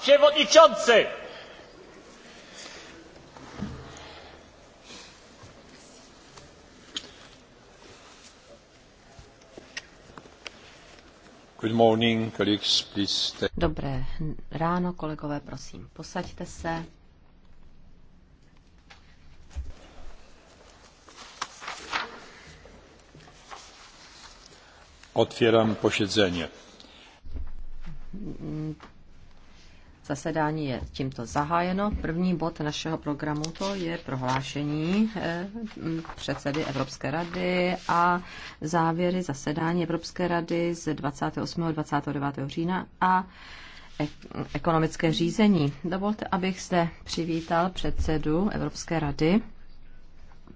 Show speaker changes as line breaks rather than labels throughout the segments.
przewodniczący! Dobré ráno, kolegové, prosím, posaďte se. Otvírám pošedzeně. Zasedání je tímto zahájeno. První bod našeho programu to je prohlášení eh, předsedy Evropské rady a závěry zasedání Evropské rady z 28. a 29. října a ekonomické řízení. Dovolte, abych zde přivítal předsedu Evropské rady,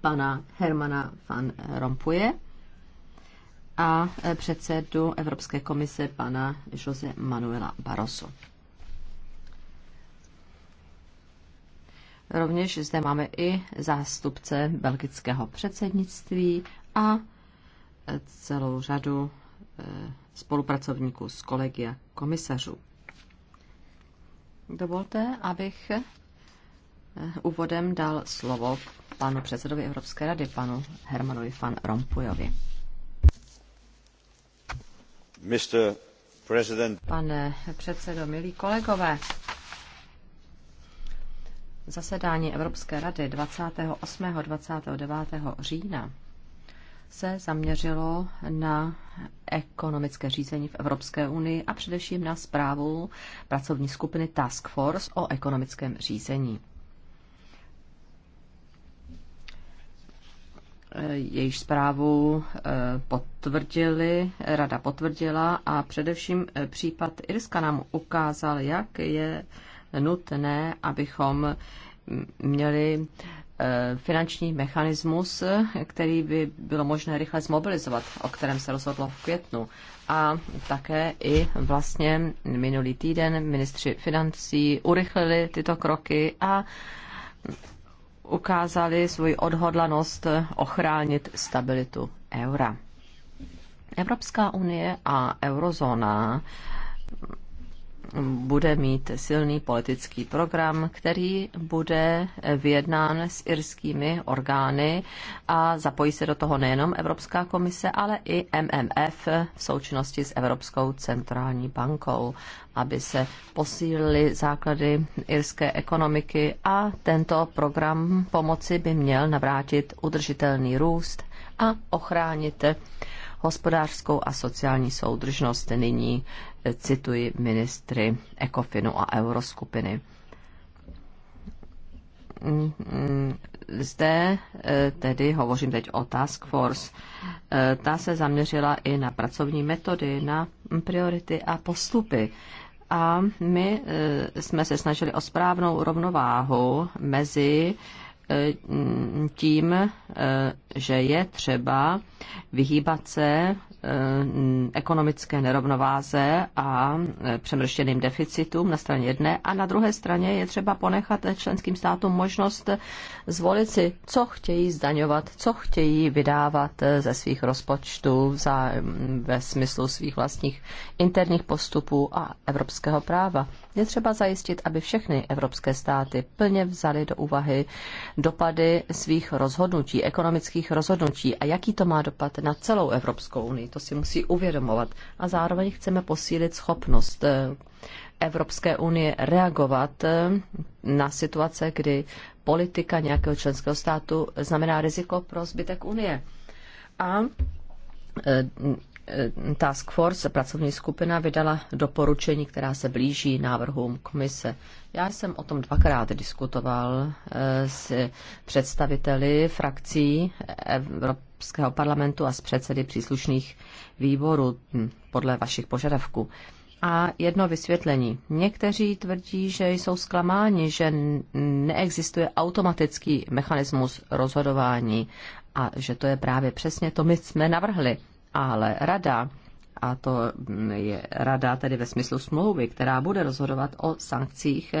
pana Hermana van Rompuje a eh, předsedu Evropské komise pana Jose Manuela Barroso. Rovněž zde máme i zástupce belgického předsednictví a e, celou řadu e, spolupracovníků z kolegia komisařů. Dovolte, abych e, úvodem dal slovo panu předsedovi Evropské rady, panu Hermanovi van Rompuyovi. Pane předsedo, milí kolegové, zasedání Evropské rady 28. 29. října se zaměřilo na ekonomické řízení v Evropské unii a především na zprávu pracovní skupiny Task Force o ekonomickém řízení. Jejíž zprávu eh, potvrdili, rada potvrdila a především eh, případ Irska nám ukázal, jak je nutné, abychom měli eh, finanční mechanismus, který by bylo možné rychle zmobilizovat, o kterém se rozhodlo v květnu. A také i vlastně minulý týden ministři financí urychlili tyto kroky a ukázali svoji odhodlanost ochránit stabilitu eura. Evropská unie a eurozóna bude mít silný politický program, který bude vyjednán s irskými orgány a zapojí se do toho nejenom Evropská komise, ale i MMF v součinnosti s Evropskou centrální bankou, aby se posílily základy irské ekonomiky a tento program pomoci by měl navrátit udržitelný růst a ochránit hospodářskou a sociální soudržnost. Nyní eh, cituji ministry Ekofinu a Euroskupiny mm, mm, zde eh, tedy hovořím teď o Task Force. Eh, ta se zaměřila i na pracovní metody, na priority a postupy. A my jsme se snažili o správnou rovnováhu mezi Eh, tím, eh, že je třeba vyhýbat se eh, ekonomické nerovnováze a přemrštěným deficitům na straně jedné a na druhé straně je třeba ponechat členským státům možnost zvolit si, co chtějí zdaňovat, co chtějí vydávat ze svých rozpočtů za, ve smyslu svých vlastních interních postupů a evropského práva. Je třeba zajistit, aby všechny evropské státy plně vzaly do úvahy dopady svých rozhodnutí, ekonomických rozhodnutí a jaký to má dopad na celou Evropskou unii. To si musí uvědomovat. A zároveň chceme posílit schopnost eh, Evropské unie reagovat eh, na situace, kdy politika nějakého členského státu znamená riziko pro zbytek unie. A eh, Eh, Task Force, pracovní skupina, vydala doporučení, která se blíží návrhům komise. Já jsem o tom dvakrát diskutoval eh, s představiteli frakcí Evropského parlamentu a s předsedy příslušných výborů hm, podle vašich požadavků. A jedno vysvětlení. Někteří tvrdí, že jsou zklamáni, že neexistuje automatický mechanismus rozhodování a že to je právě přesně to, my jsme navrhli ale rada, a to je rada tedy ve smyslu smlouvy, která bude rozhodovat o sankcích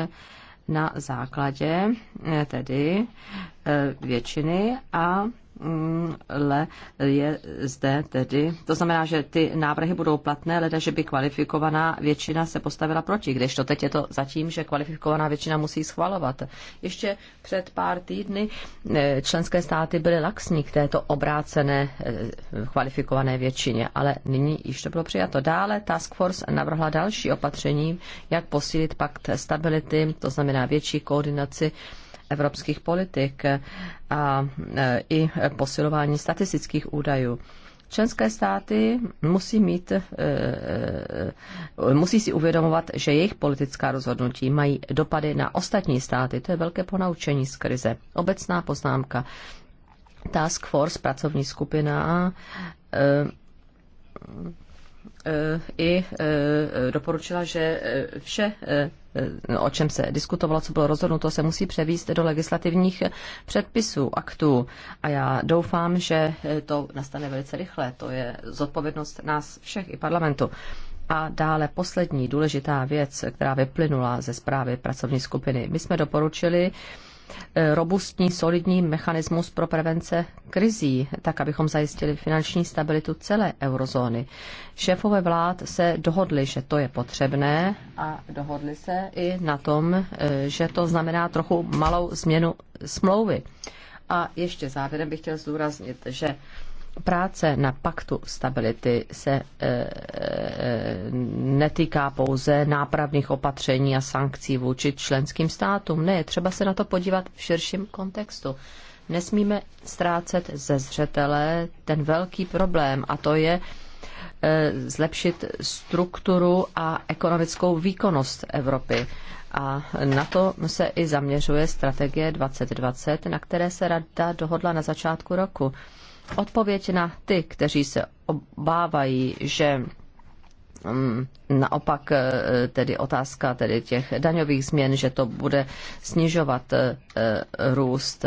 na základě eh, tedy eh, většiny a Hm, le je zde tedy. To znamená, že ty návrhy budou platné, leda, že by kvalifikovaná většina se postavila proti, kdežto teď je to zatím, že kvalifikovaná většina musí schvalovat. Ještě před pár týdny eh, členské státy byly laxní k této obrácené eh, kvalifikované většině, ale nyní již to bylo přijato. Dále Task Force navrhla další opatření, jak posílit pakt stability, to znamená větší koordinaci evropských politik a e, i posilování statistických údajů. Členské státy musí, mít, e, e, musí si uvědomovat, že jejich politická rozhodnutí mají dopady na ostatní státy. To je velké ponaučení z krize. Obecná poznámka. Task Force, pracovní skupina i e, doporučila, že e, vše, e, o čem se diskutovalo, co bylo rozhodnuto, se musí převíst do legislativních předpisů, aktů. A já doufám, že to nastane velice rychle. To je zodpovědnost nás všech i parlamentu. A dále poslední důležitá věc, která vyplynula ze zprávy pracovní skupiny. My jsme doporučili, Eh, robustní, solidní mechanismus pro prevence krizí, tak abychom zajistili finanční stabilitu celé eurozóny. Šéfové vlád se dohodli, že to je potřebné a dohodli se i na tom, eh, že to znamená trochu malou změnu smlouvy. A ještě závěrem bych chtěl zdůraznit, že práce na paktu stability se e, e, netýká pouze nápravných opatření a sankcí vůči členským státům. Ne, třeba se na to podívat v širším kontextu. Nesmíme ztrácet ze zřetele ten velký problém a to je e, zlepšit strukturu a ekonomickou výkonnost Evropy. A na to se i zaměřuje strategie 2020, na které se rada dohodla na začátku roku odpověď na ty, kteří se obávají, že mm, naopak eh, tedy otázka tedy těch daňových změn, že to bude snižovat eh, eh, růst,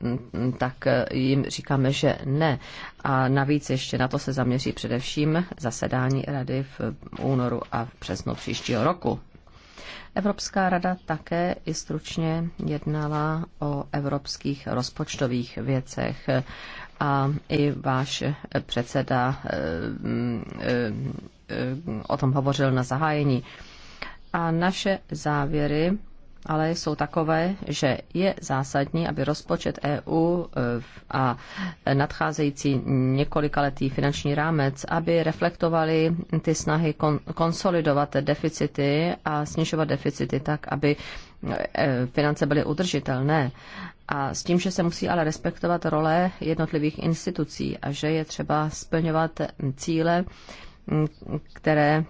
mm, tak jim říkáme, že ne. A navíc ještě na to se zaměří především zasedání rady v únoru a v příštího roku. Evropská rada také i stručně jednala o evropských rozpočtových věcech a i váš předseda eh, mm, eh, eh, o tom hovořil na zahájení. A naše závěry ale jsou takové, že je zásadní, aby rozpočet EU a nadcházející několikaletý finanční rámec, aby reflektovali ty snahy konsolidovat deficity a snižovat deficity tak, aby finance byly udržitelné a s tím, že se musí ale respektovat role jednotlivých institucí a že je třeba splňovat cíle, které e,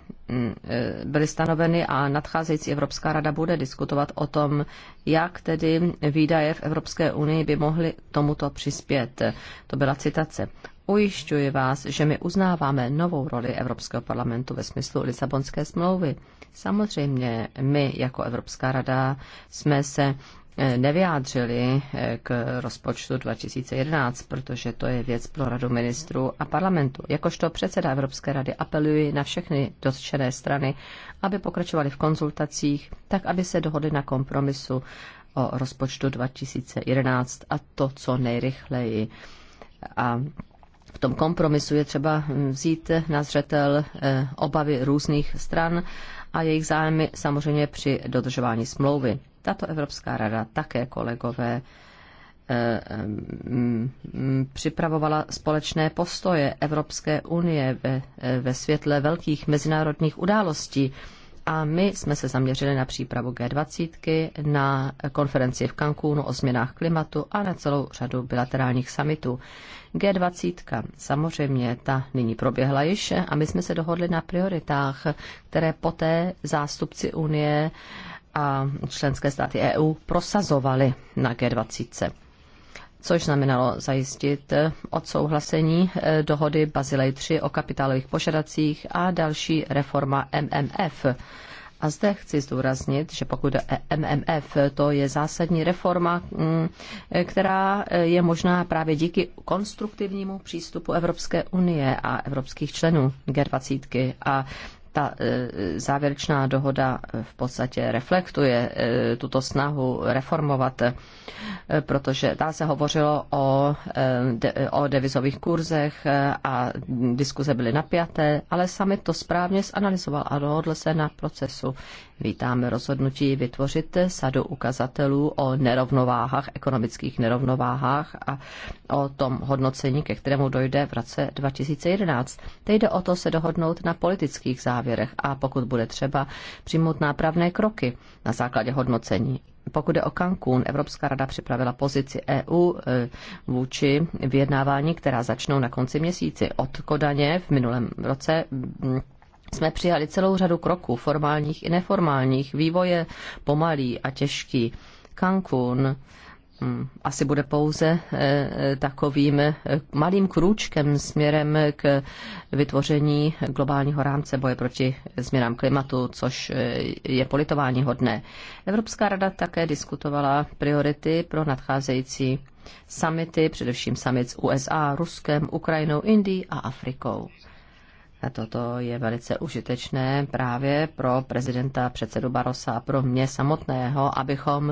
byly stanoveny a nadcházející Evropská rada bude diskutovat o tom, jak tedy výdaje v Evropské unii by mohly tomuto přispět. To byla citace. Ujišťuji vás, že my uznáváme novou roli Evropského parlamentu ve smyslu Lisabonské smlouvy. Samozřejmě my jako Evropská rada jsme se nevyjádřili eh, k rozpočtu 2011, protože to je věc pro radu ministrů a parlamentu. Jakožto předseda Evropské rady apeluji na všechny dotčené strany, aby pokračovali v konzultacích, tak aby se dohodli na kompromisu o rozpočtu 2011 a to co nejrychleji. A v tom kompromisu je třeba hm, vzít na zřetel eh, obavy různých stran a jejich zájmy samozřejmě při dodržování smlouvy. Tato Evropská rada také kolegové eh, eh, mm, připravovala společné postoje Evropské unie ve, eh, ve světle velkých mezinárodních událostí. A my jsme se zaměřili na přípravu G20, na konferenci v Cancúnu o změnách klimatu a na celou řadu bilaterálních summitů. G20, samozřejmě ta nyní proběhla již a my jsme se dohodli na prioritách, které poté zástupci Unie eh, a členské státy EU prosazovaly na G20 což znamenalo zajistit odsouhlasení eh, dohody Bazilej 3 o kapitálových požadacích a další reforma MMF. A zde chci zdůraznit, že pokud MMF, to je zásadní reforma, mm, která eh, je možná právě díky konstruktivnímu přístupu Evropské unie a evropských členů G20. A ta e, závěrečná dohoda v podstatě reflektuje e, tuto snahu reformovat, e, protože tam se hovořilo o, o devizových kurzech a diskuze byly napjaté, ale sami to správně zanalizoval a dohodl se na procesu Vítáme rozhodnutí vytvořit sadu ukazatelů o nerovnováhách, ekonomických nerovnováhách a o tom hodnocení, ke kterému dojde v roce 2011. Teď jde o to se dohodnout na politických závěrech a pokud bude třeba přijmout nápravné kroky na základě hodnocení. Pokud je o Cancún, Evropská rada připravila pozici EU eh, vůči vyjednávání, která začnou na konci měsíci. Od Kodaně v minulém roce mm, jsme přijali celou řadu kroků, formálních i neformálních. Vývoj je pomalý a těžký. Cancún hm, asi bude pouze eh, eh, takovým eh, malým krůčkem směrem k vytvoření globálního rámce boje proti změnám klimatu, což je politování hodné. Evropská rada také diskutovala priority pro nadcházející samity, především summit s USA, Ruskem, Ukrajinou, Indií a Afrikou. Toto je velice užitečné právě pro prezidenta, předsedu Barosa a pro mě samotného, abychom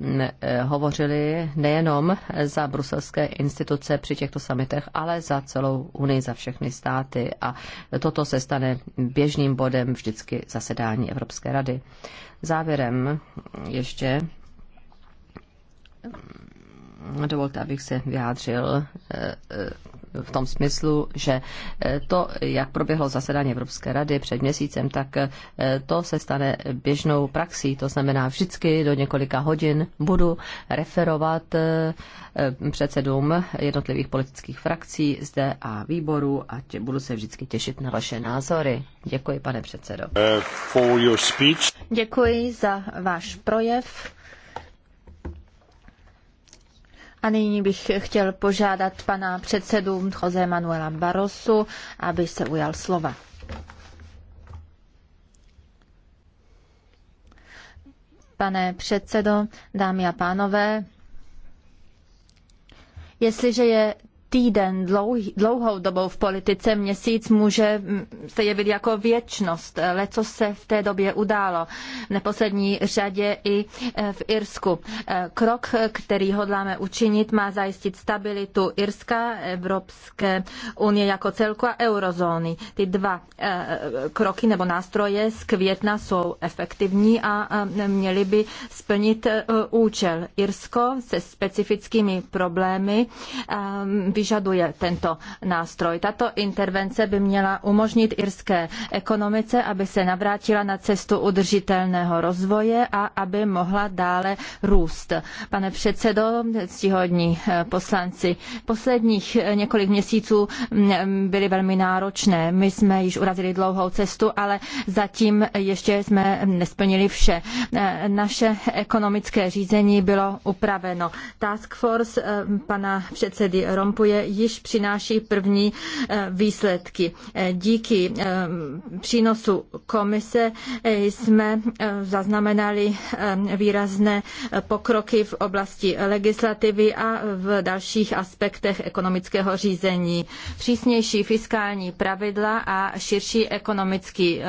mm, eh, hovořili nejenom za bruselské instituce při těchto samitech, ale za celou Unii, za všechny státy. A toto se stane běžným bodem vždycky zasedání Evropské rady. Závěrem ještě mm, dovolte, abych se vyjádřil eh, eh, v tom smyslu, že eh, to, jak proběhlo zasedání Evropské rady před měsícem, tak eh, to se stane běžnou praxí. To znamená, vždycky do několika hodin budu referovat eh, předsedům jednotlivých politických frakcí zde a výboru a tě, budu se vždycky těšit na vaše názory. Děkuji, pane předsedo. Uh, for your speech.
Děkuji za váš projev. A nyní bych chtěl požádat pana předsedu Jose Manuela Barosu, aby se ujal slova. Pane předsedo, dámy a pánové, jestliže je týden dlouhou dobou v politice, měsíc může mm, se jevit jako věčnost. Leco se v té době událo, v neposlední řadě i e, v Irsku. E, krok, který hodláme učinit, má zajistit stabilitu Irska, Evropské unie jako celku a eurozóny. Ty dva e, kroky nebo nástroje z května jsou efektivní a měly by splnit účel. Irsko se specifickými problémy vyžaduje tento nástroj. Tato intervence by měla umožnit irské ekonomice, aby se navrátila na cestu udržitelného rozvoje a aby mohla dále růst. Pane předsedo, ctihodní eh, poslanci, posledních eh, několik měsíců mm, byly velmi náročné. My jsme již urazili dlouhou cestu, ale zatím ještě jsme nesplnili vše. Eh, naše ekonomické řízení bylo upraveno. Task Force pana předsedy Rompuje strategie již přináší první eh, výsledky. Eh, díky eh, přínosu komise jsme zaznamenali výrazné pokroky v oblasti legislativy a v dalších aspektech ekonomického řízení. Přísnější fiskální pravidla a širší ekonomický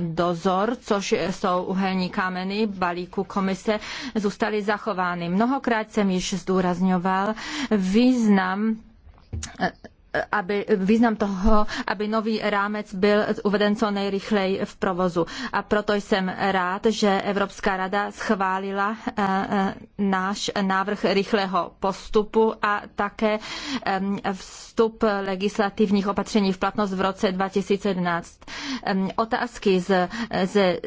dozor, což jsou uhelní kameny balíku komise, zůstaly zachovány. Mnohokrát jsem již zdůrazňoval význam Eh, aby význam toho, aby nový rámec byl uveden co nejrychleji v provozu. A proto jsem rád, že Evropská rada schválila eh, eh, náš návrh rychlého postupu a také vstup legislativních opatření v platnost v roce 2011. Otázky z, z,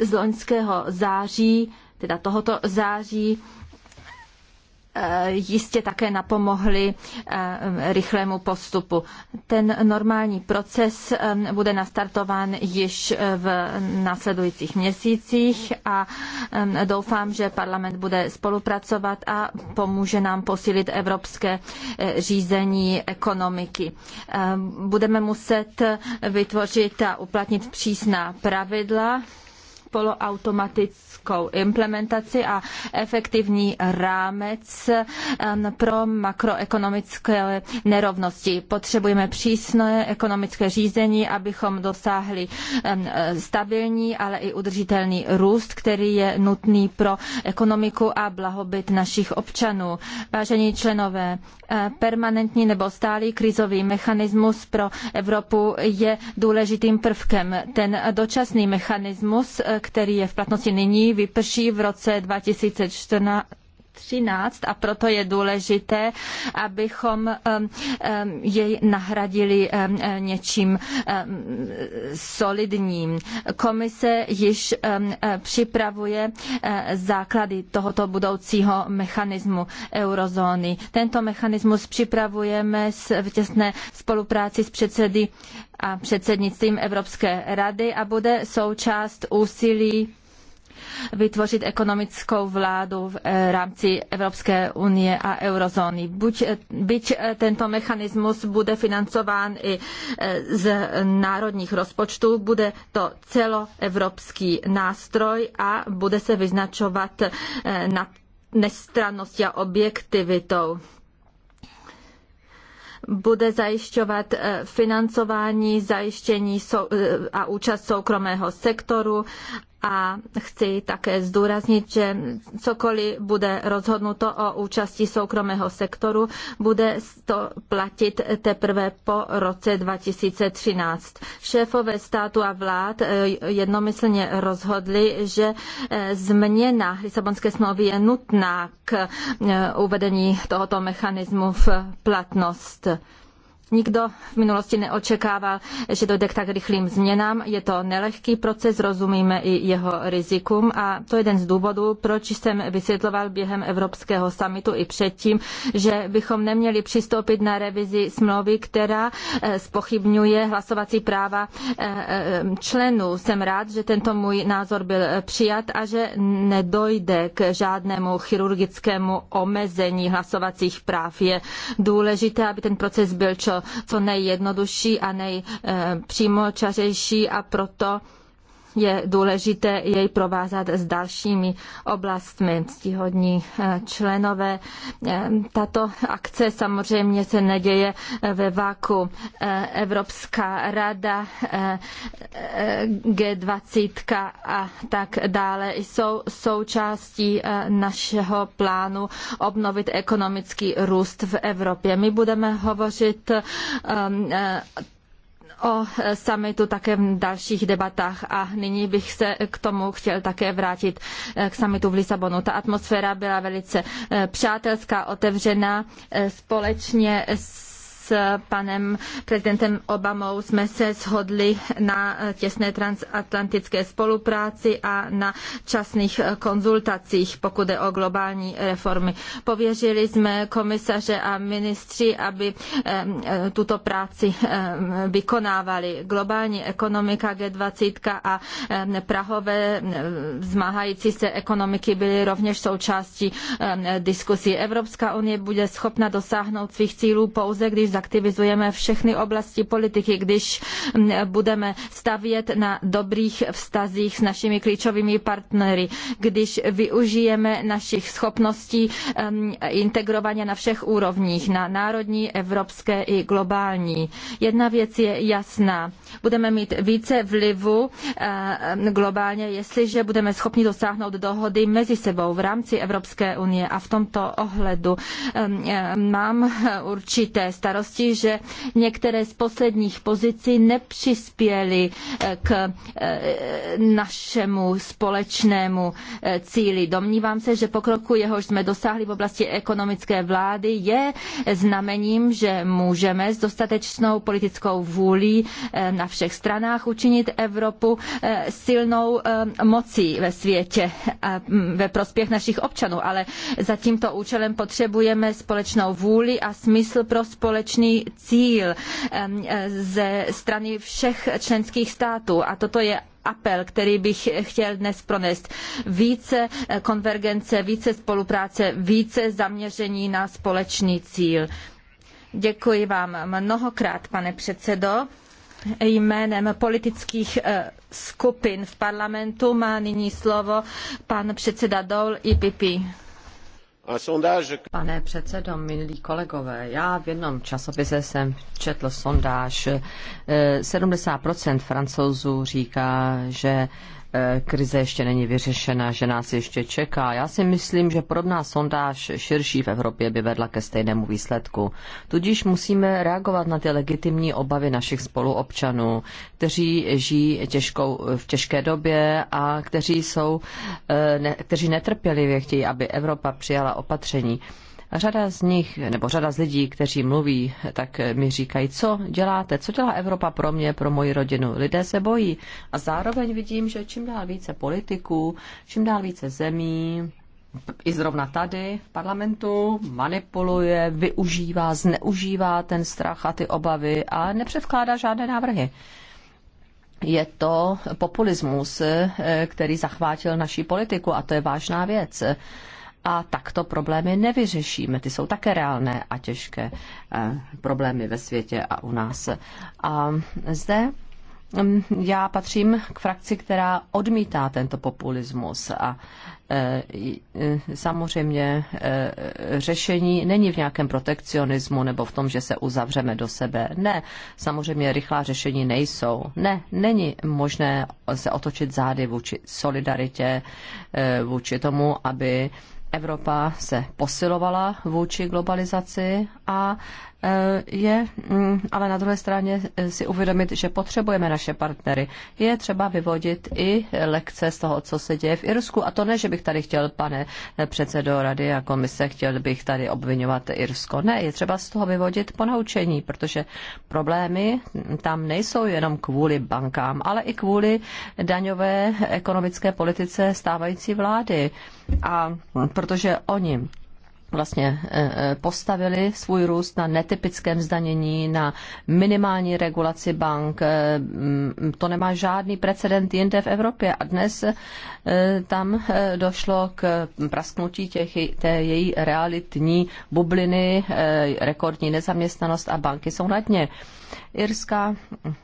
z loňského září, teda tohoto září, Eh, jistě také napomohly eh, rychlému postupu. Ten normální proces eh, bude nastartován již v následujících měsících a doufám, že parlament bude spolupracovat a pomůže nám posílit evropské řízení ekonomiky. Budeme muset vytvořit a uplatnit přísná pravidla poloautomatické praktickou implementaci a efektivní rámec pro makroekonomické nerovnosti. Potřebujeme přísné ekonomické řízení, abychom dosáhli stabilní, ale i udržitelný růst, který je nutný pro ekonomiku a blahobyt našich občanů. Vážení členové, e, permanentní nebo stálý krizový mechanismus pro Evropu je důležitým prvkem. Ten dočasný mechanismus, e, který je v platnosti nyní, vyprší v roce 2013 a proto je důležité, abychom um, um, jej nahradili um, něčím solidním. Komise již připravuje uh, základy tohoto budoucího mechanismu eurozóny. Tento mechanismus připravujeme v těsné spolupráci s předsedy a předsednictvím Evropské rady a bude součást úsilí vytvořit ekonomickou vládu v eh, rámci Evropské unie a eurozóny. Buď, eh, byť eh, tento mechanismus bude financován i z národních rozpočtů, bude to celoevropský nástroj a bude se vyznačovat na nestrannosti a objektivitou bude zajišťovat financování, zajištění a účast soukromého sektoru a chci také zdůraznit, že cokoliv bude rozhodnuto o účasti soukromého sektoru, bude to platit teprve po roce 2013. Šéfové státu a vlád eh, jednomyslně rozhodli, že eh, změna Lisabonské smlouvy je nutná k eh, uvedení tohoto mechanismu v platnost. Nikdo v minulosti neočekával, že dojde k tak rychlým změnám. Je to nelehký proces, rozumíme i jeho rizikům a to je jeden z důvodů, proč jsem vysvětloval během Evropského samitu i předtím, že bychom neměli přistoupit na revizi smlouvy, která eh, spochybňuje hlasovací práva eh, eh, členů. Jsem rád, že tento můj názor byl přijat a že nedojde k žádnému chirurgickému omezení hlasovacích práv. Je důležité, aby ten proces byl čo co, nejjednodušší a nejpřímočařejší a proto je důležité jej provázat s dalšími oblastmi. Ctihodní eh, členové. Eh, tato akce samozřejmě se neděje eh, ve vaku. Evropská rada, G20 a tak dále jsou součástí našeho plánu obnovit ekonomický růst v Evropě. My budeme hovořit o e, summitu také v dalších debatách a nyní bych se k tomu chtěl také vrátit e, k summitu v Lisabonu. Ta atmosféra byla velice e, přátelská, otevřená, společně s s panem prezidentem Obamou jsme se shodli na těsné transatlantické spolupráci a na časných konzultacích, pokud je o globální reformy. Pověřili jsme komisaře a ministři, aby tuto práci vykonávali. Globální ekonomika G20 a Prahové zmáhající se ekonomiky byly rovněž součástí diskusí. Evropská unie bude schopna dosáhnout svých cílů pouze, když zaktivizujeme všechny oblasti politiky, když mm, budeme stavět na dobrých vztazích s našimi klíčovými partnery, když využijeme našich schopností mm, integrovaně na všech úrovních, na národní, evropské i globální. Jedna věc je jasná. Budeme mít více vlivu mm, globálně, jestliže budeme schopni dosáhnout dohody mezi sebou v rámci Evropské unie a v tomto ohledu mám určité starosti skutečnosti, že některé z posledních pozicí nepřispěly eh, k eh, našemu společnému eh, cíli. Domnívám se, že pokroku, jehož jsme dosáhli v oblasti ekonomické vlády, je znamením, že můžeme s dostatečnou politickou vůlí na všech stranách učinit Evropu silnou mocí ve světě mm, ve prospěch našich občanů, ale za tímto účelem potřebujeme společnou vůli a smysl pro společnost společný cíl eh, ze strany všech členských států a toto je apel, který bych chtěl dnes pronést. Více eh, konvergence, více spolupráce, více zaměření na společný cíl. Děkuji vám mnohokrát, pane předsedo. Jménem politických eh, skupin v parlamentu má nyní slovo pan předseda Dol IPP.
Pane předsedo, milí kolegové, já v jednom časopise jsem četl sondáž. 70% eh, francouzů říká, že Eh, krize ještě není vyřešena, že nás ještě čeká. Já si myslím, že podobná sondáž širší v Evropě by vedla ke stejnému výsledku. Tudíž musíme reagovat na ty legitimní obavy našich spoluobčanů, kteří žijí těžkou, v těžké době a kteří, jsou, eh, ne, kteří netrpělivě chtějí, aby Evropa přijala opatření. Řada z nich, nebo řada z lidí, kteří mluví, tak mi říkají, co děláte, co dělá Evropa pro mě, pro moji rodinu. Lidé se bojí. A zároveň vidím, že čím dál více politiků, čím dál více zemí, i zrovna tady v parlamentu manipuluje, využívá, zneužívá ten strach a ty obavy a nepředkládá žádné návrhy. Je to populismus, eh, který zachvátil naší politiku a to je vážná věc a takto problémy nevyřešíme. Ty jsou také reálné a těžké eh, problémy ve světě a u nás. A zde mm, já patřím k frakci, která odmítá tento populismus a eh, eh, samozřejmě řešení není v nějakém protekcionismu nebo v tom, že se uzavřeme do sebe. Ne, samozřejmě rychlá řešení nejsou. Ne, není možné se otočit zády vůči solidaritě, vůči tomu, aby Evropa se posilovala vůči globalizaci a Eh, je mm, ale na druhé straně eh, si uvědomit, že potřebujeme naše partnery. Je třeba vyvodit i lekce z toho, co se děje v Irsku. A to ne, že bych tady chtěl, pane eh, předsedo rady a komise, chtěl bych tady obvinovat Irsko. Ne, je třeba z toho vyvodit ponaučení, protože problémy mm, tam nejsou jenom kvůli bankám, ale i kvůli daňové ekonomické politice stávající vlády. A mm, protože oni vlastně eh, eh, postavili svůj růst na netypickém zdanění, na minimální regulaci bank. Eh, mm, to nemá žádný precedent jinde v Evropě a dnes tam došlo k prasknutí těch, té její realitní bubliny, rekordní nezaměstnanost a banky jsou na dně. Irská eh,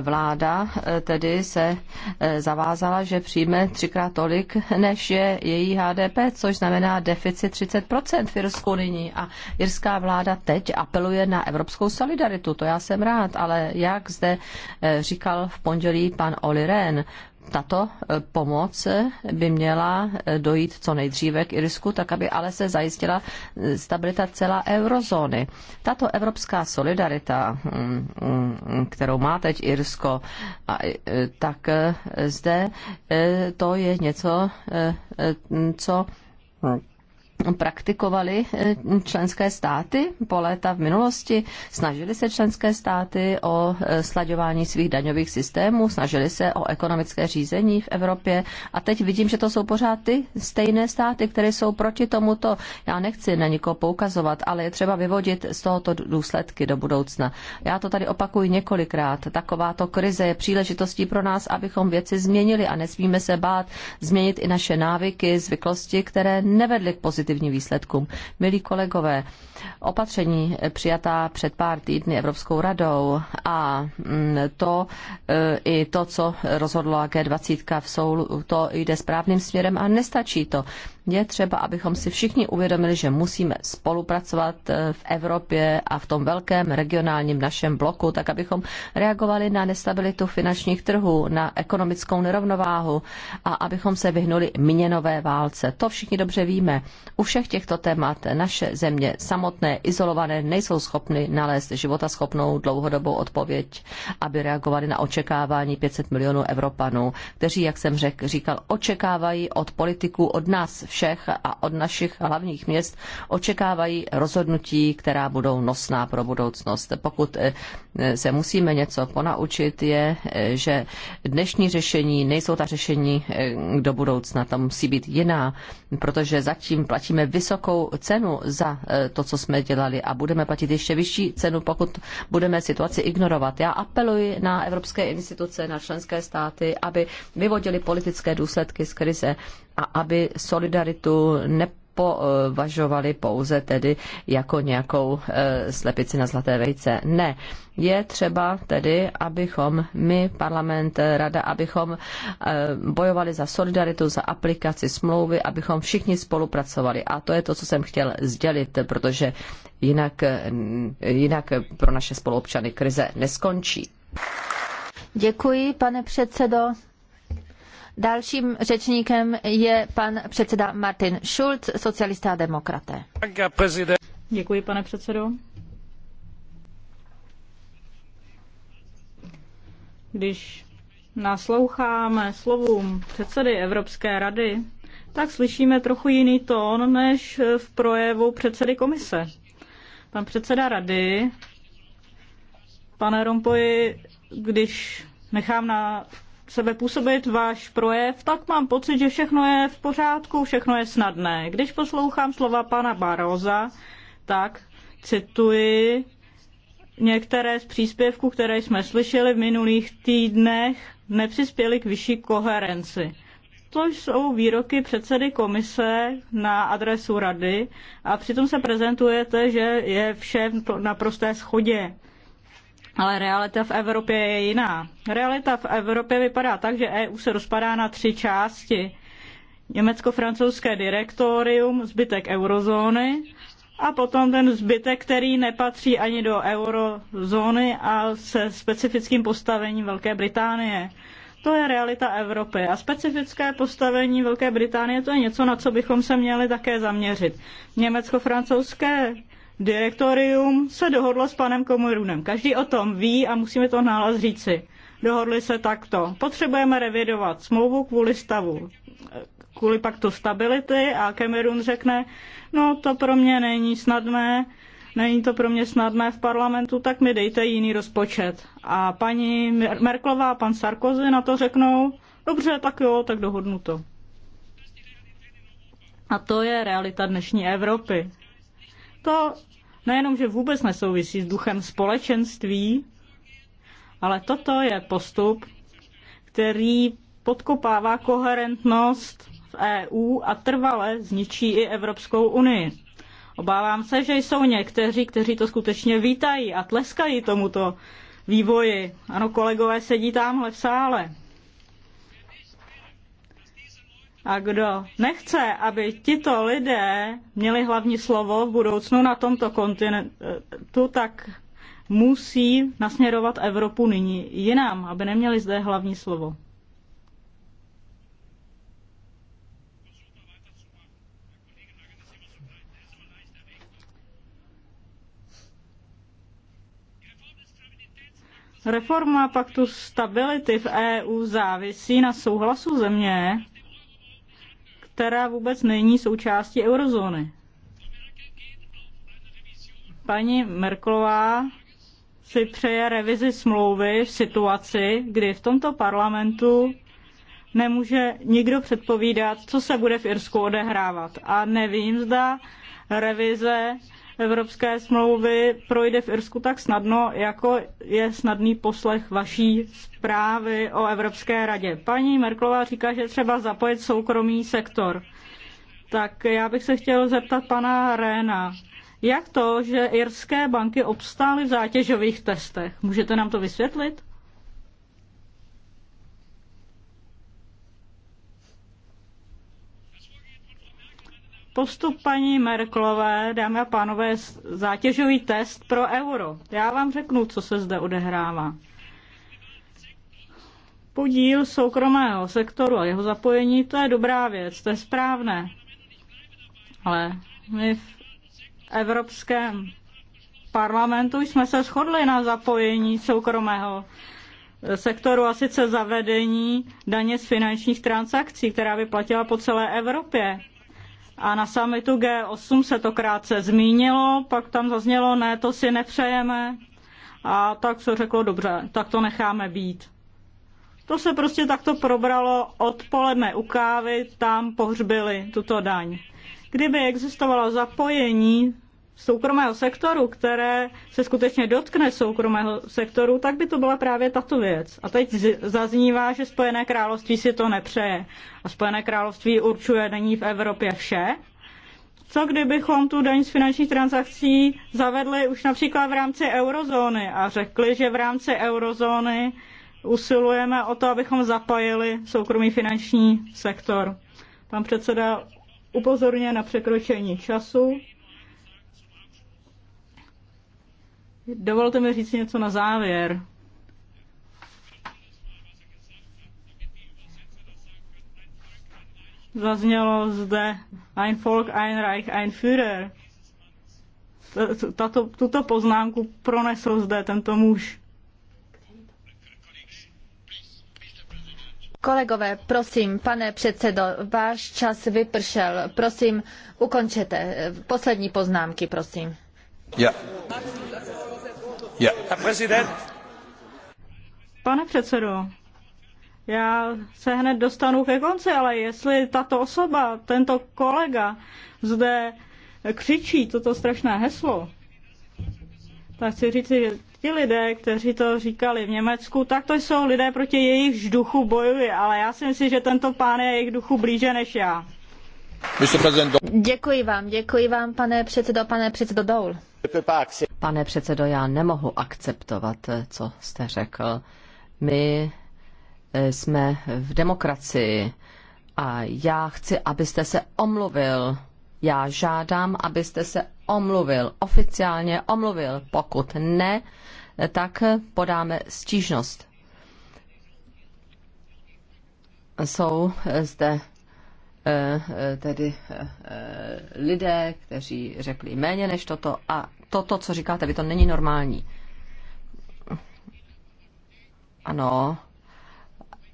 vláda eh, tedy se eh, zavázala, že přijme třikrát tolik, než je její HDP, což znamená deficit 30% v Irsku nyní. A irská vláda teď apeluje na evropskou solidaritu. To já jsem rád, ale jak zde říkal v pondělí pan Oli Rehn, tato eh, pomoc eh, by měla eh, dojít co nejdříve k Irsku, tak aby ale se zajistila stabilita celá eurozóny. Tato evropská solidarita, hm, hm, kterou má teď Irsko, tak zde to je něco, co hm, praktikovaly eh, členské státy po léta v minulosti? Snažili se členské státy o eh, slaďování svých daňových systémů, snažili se o ekonomické řízení v Evropě a teď vidím, že to jsou pořád ty stejné státy, které jsou proti tomuto. Já nechci na nikoho poukazovat, ale je třeba vyvodit z tohoto důsledky do budoucna. Já to tady opakuji několikrát. Takováto krize je příležitostí pro nás, abychom věci změnili a nesmíme se bát změnit i naše návyky, zvyklosti, které nevedly k pozitivní pozitivním výsledkům. Milí kolegové, opatření přijatá před pár týdny Evropskou radou a mm, to e, i to, co rozhodla G20 v Soulu, to jde správným směrem a nestačí to je třeba, abychom si všichni uvědomili, že musíme spolupracovat eh, v Evropě a v tom velkém regionálním našem bloku, tak abychom reagovali na nestabilitu finančních trhů, na ekonomickou nerovnováhu a abychom se vyhnuli měnové válce. To všichni dobře víme. U všech těchto témat naše země samotné, izolované, nejsou schopny nalézt životaschopnou dlouhodobou odpověď, aby reagovali na očekávání 500 milionů Evropanů, kteří, jak jsem řekl, říkal, očekávají od politiků, od nás všech a od našich hlavních měst očekávají rozhodnutí, která budou nosná pro budoucnost. Pokud eh, se musíme něco ponaučit, je, eh, že dnešní řešení nejsou ta řešení eh, do budoucna. Tam musí být jiná, protože zatím platíme vysokou cenu za to, co jsme dělali a budeme platit ještě vyšší cenu, pokud budeme situaci ignorovat. Já apeluji na evropské instituce, na členské státy, aby vyvodili politické důsledky z krize a aby solidaritu nepovažovali pouze tedy jako nějakou e, slepici na zlaté vejce. Ne, je třeba tedy, abychom my, parlament, rada, abychom e, bojovali za solidaritu, za aplikaci smlouvy, abychom všichni spolupracovali. A to je to, co jsem chtěl sdělit, protože jinak, jinak pro naše spoluobčany krize neskončí.
Děkuji, pane předsedo. Dalším řečníkem je pan předseda Martin Schulz, socialista a demokraté. Děkuji, pane předsedo.
Když nasloucháme slovům předsedy Evropské rady, tak slyšíme trochu jiný tón než v projevu předsedy komise. Pan předseda rady, pane Rompoji, když nechám na sebe působit váš projev, tak mám pocit, že všechno je v pořádku, všechno je snadné. Když poslouchám slova pana Baroza, tak cituji některé z příspěvků, které jsme slyšeli v minulých týdnech, nepřispěly k vyšší koherenci. To jsou výroky předsedy komise na adresu rady a přitom se prezentujete, že je vše v naprosté schodě. Ale realita v Evropě je jiná. Realita v Evropě vypadá tak, že EU se rozpadá na tři části. Německo-francouzské direktorium, zbytek eurozóny a potom ten zbytek, který nepatří ani do eurozóny a se specifickým postavením Velké Británie. To je realita Evropy a specifické postavení Velké Británie to je něco, na co bychom se měli také zaměřit. Německo-francouzské direktorium se dohodlo s panem Komorunem. Každý o tom ví a musíme to nahlas říci. Dohodli se takto. Potřebujeme revidovat smlouvu kvůli stavu kvůli paktu stability a Cameron řekne, no to pro mě není snadné, není to pro mě snadné v parlamentu, tak mi dejte jiný rozpočet. A paní Merklová a pan Sarkozy na to řeknou, dobře, tak jo, tak dohodnu to. A to je realita dnešní Evropy. To nejenom, že vůbec nesouvisí s duchem společenství, ale toto je postup, který podkopává koherentnost v EU a trvale zničí i Evropskou unii. Obávám se, že jsou někteří, kteří to skutečně vítají a tleskají tomuto vývoji. Ano, kolegové sedí tamhle v sále. A kdo nechce, aby tito lidé měli hlavní slovo v budoucnu na tomto kontinentu, tak musí nasměrovat Evropu nyní jinam, aby neměli zde hlavní slovo. Reforma paktu stability v EU závisí na souhlasu země která vůbec není součástí eurozóny. Paní Merklová si přeje revizi smlouvy v situaci, kdy v tomto parlamentu nemůže nikdo předpovídat, co se bude v Irsku odehrávat. A nevím, zda revize evropské smlouvy projde v Irsku tak snadno, jako je snadný poslech vaší zprávy o Evropské radě. Paní Merklová říká, že třeba zapojit soukromý sektor. Tak já bych se chtěl zeptat pana Réna, jak to, že irské banky obstály v zátěžových testech? Můžete nám to vysvětlit? Postup paní Merklové, dámy a pánové, zátěžový test pro euro. Já vám řeknu, co se zde odehrává. Podíl soukromého sektoru a jeho zapojení, to je dobrá věc, to je správné. Ale my v Evropském parlamentu jsme se shodli na zapojení soukromého eh, sektoru a sice zavedení daně z finančních transakcí, která by platila po celé Evropě. A na summitu G8 se to krátce zmínilo, pak tam zaznělo, ne, to si nepřejeme. A tak se řeklo, dobře, tak to necháme být. To se prostě takto probralo odpoledne u kávy, tam pohřbili tuto daň. Kdyby existovalo zapojení soukromého sektoru, které se skutečně dotkne soukromého sektoru, tak by to byla právě tato věc. A teď zaznívá, že Spojené království si to nepřeje. A Spojené království určuje není v Evropě vše. Co kdybychom tu daň z finančních transakcí zavedli už například v rámci eurozóny a řekli, že v rámci eurozóny usilujeme o to, abychom zapojili soukromý finanční sektor. Pan předseda upozorně na překročení času. Dovolte mi říct něco na závěr. Zaznělo zde ein Volk, ein Reich, ein Führer. Tato, tuto poznámku pronesl zde tento muž.
Kolegové, prosím, pane předsedo, váš čas vypršel. Prosím, ukončete. Poslední poznámky, prosím.
Pane předsedo, já se hned dostanu ke konci, ale jestli tato osoba, tento kolega zde křičí toto strašné heslo, tak chci říct, že ti lidé, kteří to říkali v Německu, tak to jsou lidé, proti jejich duchu bojují, ale já si myslím, že tento pán je jejich duchu blíže než já. Děkuji vám, děkuji vám, pane předsedo, pane předsedo Doul.
Pane předsedo, já nemohu akceptovat, co jste řekl. My eh, jsme v demokracii a já chci, abyste se omluvil. Já žádám, abyste se omluvil, oficiálně omluvil. Pokud ne, tak podáme stížnost. Jsou eh, zde Eh, eh, tedy eh, lidé, kteří řekli méně než toto a toto, co říkáte, vy to není normální. Ano,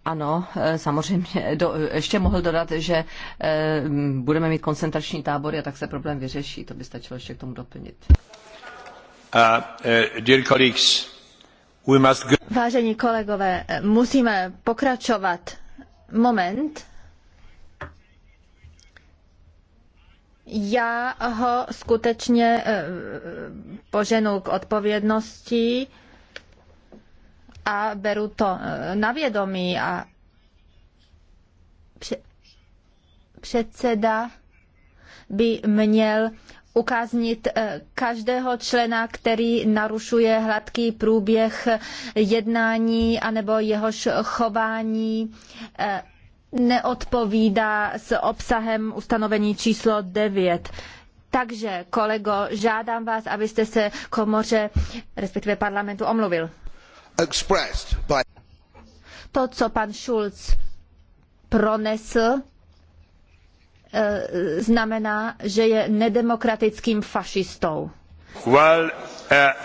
ano, samozřejmě. Do, ještě mohl dodat, že e, budeme mít koncentrační tábory a tak se problém vyřeší. To by stačilo ještě k tomu doplnit. Uh, uh, dear colleagues, we must go...
Vážení kolegové, musíme pokračovat. Moment. já ho skutečně eh, poženu k odpovědnosti a beru to eh, na vědomí a předseda by měl ukáznit eh, každého člena, který narušuje hladký průběh jednání anebo jehož chování neodpovídá s obsahem ustanovení číslo 9. Takže, kolego, žádám vás, abyste se komoře, respektive parlamentu, omluvil. By... To, co pan Schulz pronesl, eh, znamená, že je nedemokratickým fašistou. Well, uh,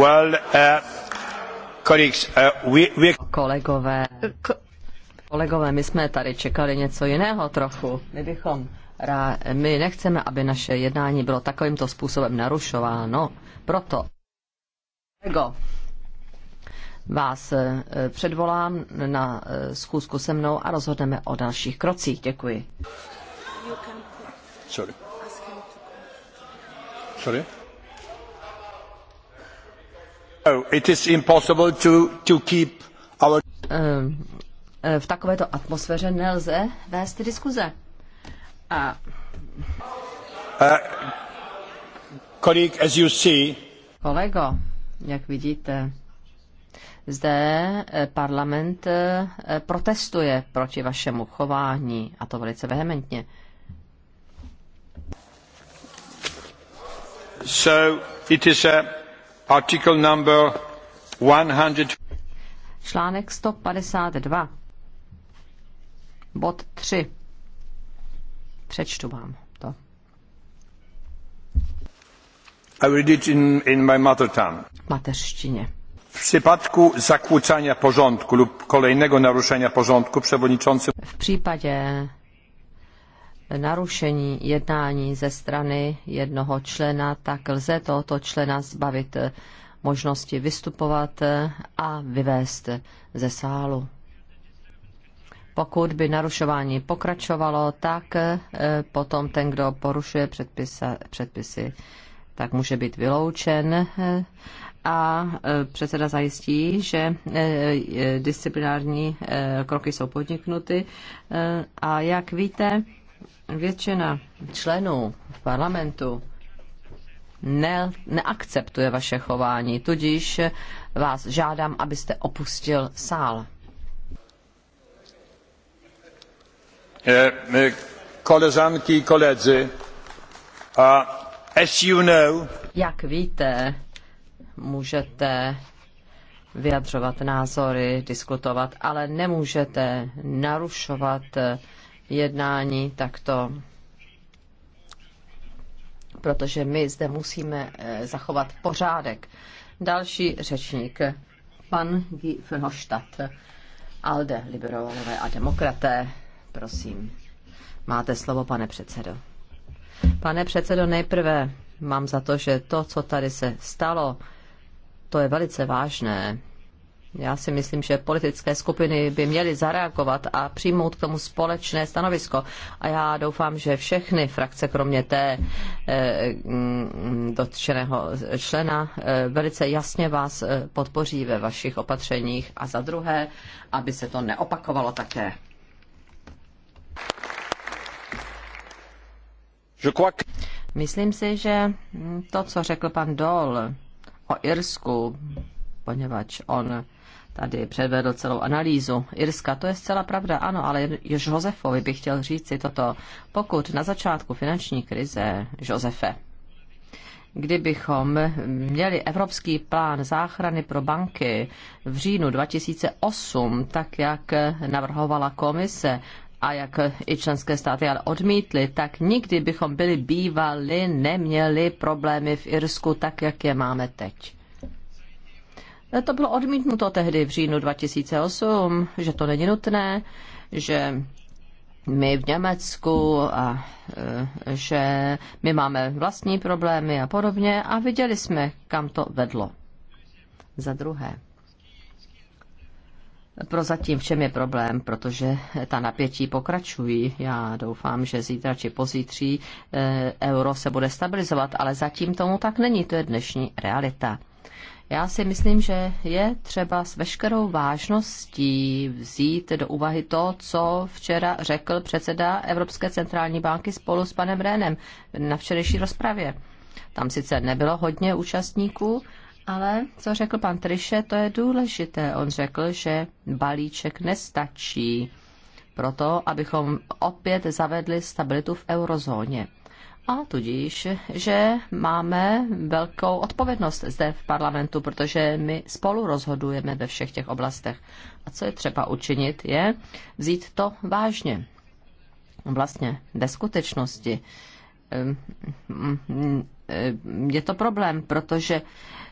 well, uh...
Uh, kolegové, kolegové, my jsme tady čekali něco jiného trochu. My bychom rá, my nechceme, aby naše jednání bylo takovýmto způsobem narušováno. Proto, kolego, vás eh, předvolám na eh, schůzku se mnou a rozhodneme o dalších krocích. Děkuji. Sorry. Sorry? V takovéto atmosféře nelze vést diskuze. A... Uh,
as you see...
Kolego, jak vidíte, zde eh, parlament eh, protestuje proti vašemu chování, a to velice vehementně. So it is a Article number 100. Článek 152. Bod 3. Přečtu vám to. I read it in, in my mother tongue. Mateřštině. V przypadku zakłócania porządku lub kolejnego naruszenia porządku przewodniczący... W narušení jednání ze strany jednoho člena, tak lze tohoto člena zbavit eh, možnosti vystupovat eh, a vyvést ze sálu. Pokud by narušování pokračovalo, tak eh, potom ten, kdo porušuje předpisa, předpisy, tak může být vyloučen a předseda zajistí, že disciplinární kroky jsou podniknuty. A jak víte, většina členů v parlamentu ne, neakceptuje vaše chování, tudíž vás žádám, abyste opustil sál.
Eh, koleżanki i koledzy, as you know,
jak víte, můžete vyjadřovat názory, diskutovat, ale nemůžete narušovat jednání takto, protože my zde musíme eh, zachovat pořádek. Další řečník, pan Guy Verhofstadt, ALDE, liberálové a demokraté, prosím. Máte slovo, pane předsedo. Pane předsedo, nejprve mám za to, že to, co tady se stalo, to je velice vážné. Já si myslím, že politické skupiny by měly zareagovat a přijmout k tomu společné stanovisko. A já doufám, že všechny frakce, kromě té eh, mm, dotčeného člena, eh, velice jasně vás eh, podpoří ve vašich opatřeních. A za druhé, aby se to neopakovalo také. Myslím si, že to, co řekl pan Dol o Irsku, poněvadž on tady předvedl celou analýzu Irska. To je zcela pravda, ano, ale Jož Josefovi bych chtěl říct si toto. Pokud na začátku finanční krize, Josefe, kdybychom měli evropský plán záchrany pro banky v říjnu 2008, tak jak navrhovala komise, a jak i členské státy ale odmítly, tak nikdy bychom byli bývali, neměli problémy v Irsku tak, jak je máme teď. To bylo odmítnuto tehdy v říjnu 2008, že to není nutné, že my v Německu a e, že my máme vlastní problémy a podobně a viděli jsme, kam to vedlo. Za druhé, prozatím v čem je problém, protože ta napětí pokračují. Já doufám, že zítra či pozítří e, euro se bude stabilizovat, ale zatím tomu tak není, to je dnešní realita. Já si myslím, že je třeba s veškerou vážností vzít do úvahy to, co včera řekl předseda Evropské centrální banky spolu s panem Rénem na včerejší rozpravě. Tam sice nebylo hodně účastníků, ale co řekl pan Triše, to je důležité. On řekl, že balíček nestačí proto, abychom opět zavedli stabilitu v eurozóně a tudíž, že máme velkou odpovědnost zde v parlamentu, protože my spolu rozhodujeme ve všech těch oblastech. A co je třeba učinit, je vzít to vážně. Vlastně ve skutečnosti Ehm, ehm, je to problém, protože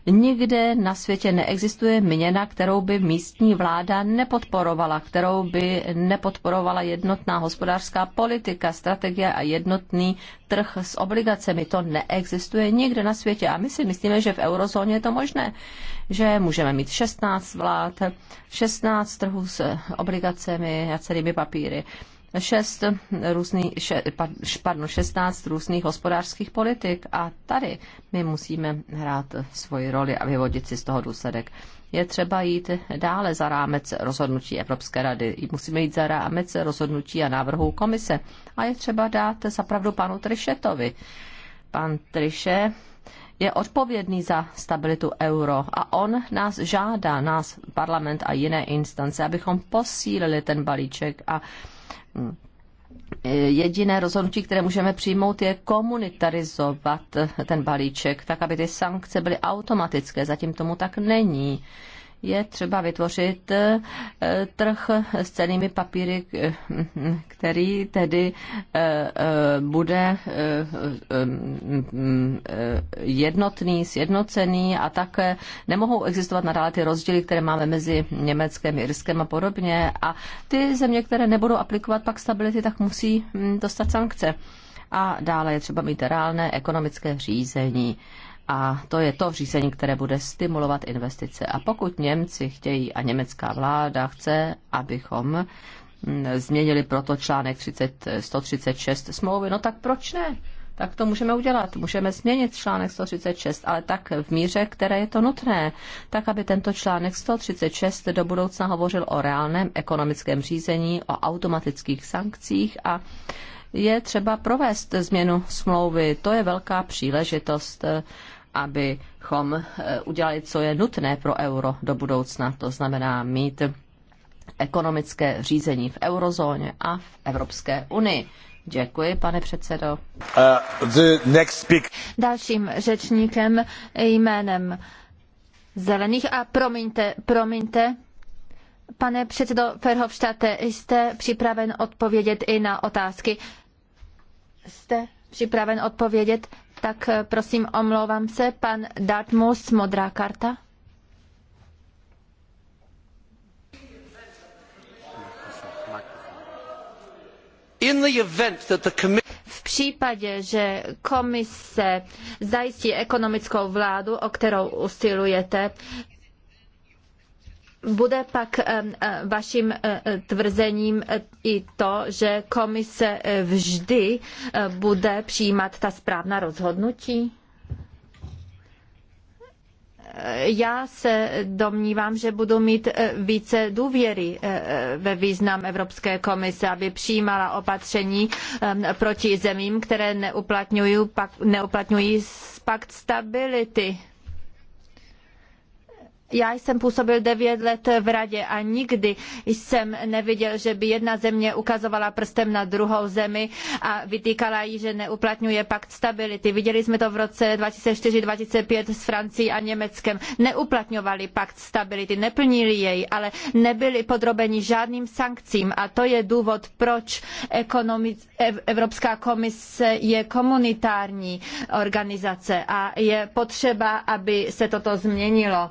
nikde na světě neexistuje měna, kterou by místní vláda nepodporovala, kterou by nepodporovala jednotná hospodářská politika, strategie a jednotný trh s obligacemi. To neexistuje nikde na světě a my si myslíme, že v eurozóně je to možné, že můžeme mít 16 vlád, 16 trhů s obligacemi a celými papíry šest různý, še, pardon, 16 různých hospodářských politik a tady my musíme hrát svoji roli a vyvodit si z toho důsledek. Je třeba jít dále za rámec rozhodnutí Evropské rady, musíme jít za rámec rozhodnutí a návrhů komise a je třeba dát zapravdu panu Trišetovi. Pan Triše je odpovědný za stabilitu euro a on nás žádá, nás parlament a jiné instance, abychom posílili ten balíček a jediné rozhodnutí, které můžeme přijmout, je komunitarizovat ten balíček, tak aby ty sankce byly automatické. Zatím tomu tak není je třeba vytvořit eh, trh s cenými papíry, eh, který tedy eh, bude jednotný, sjednocený a také nemohou existovat nadále ty rozdíly, které máme mezi Německem, Irskem a podobně. A ty země, které nebudou aplikovat pak stability, tak musí hm, dostat sankce. A dále je třeba mít reálné ekonomické řízení. A to je to řízení, které bude stimulovat investice. A pokud Němci chtějí a německá vláda chce, abychom mm, změnili proto článek 30, 136 smlouvy, no tak proč ne? tak to můžeme udělat. Můžeme změnit článek 136, ale tak v míře, které je to nutné, tak aby tento článek 136 do budoucna hovořil o reálném ekonomickém řízení, o automatických sankcích a je třeba provést změnu smlouvy. To je velká příležitost abychom eh, udělali, co je nutné pro euro do budoucna. To znamená mít ekonomické řízení v eurozóně a v Evropské unii.
Děkuji, pane předsedo. Uh, the next speak. Dalším řečníkem jménem Zelených a promiňte, promiňte, pane předsedo Ferhofštate, jste připraven odpovědět i na otázky? Jste připraven odpovědět tak eh, prosím, omlouvám se, pan Dartmus, modrá karta. V případě, že komise zajistí ekonomickou vládu, o kterou usilujete, bude pak eh, eh, vaším eh, tvrzením i to, že komise vždy bude přijímat ta správná rozhodnutí? já se domnívám, že budu mít více důvěry ve význam Evropské komise, aby přijímala opatření proti zemím, které neuplatňují, neuplatňují pakt stability já jsem působil devět let v radě a nikdy jsem neviděl, že by jedna země ukazovala prstem na druhou zemi a vytýkala jí, že neuplatňuje pakt stability. Viděli jsme to v roce 2004-2005 s Francií a Německem. Neuplatňovali pakt stability, neplnili jej, ale nebyli podrobeni žádným sankcím a to je důvod, proč ekonomic, Evropská komise je komunitární organizace a je potřeba, aby se toto změnilo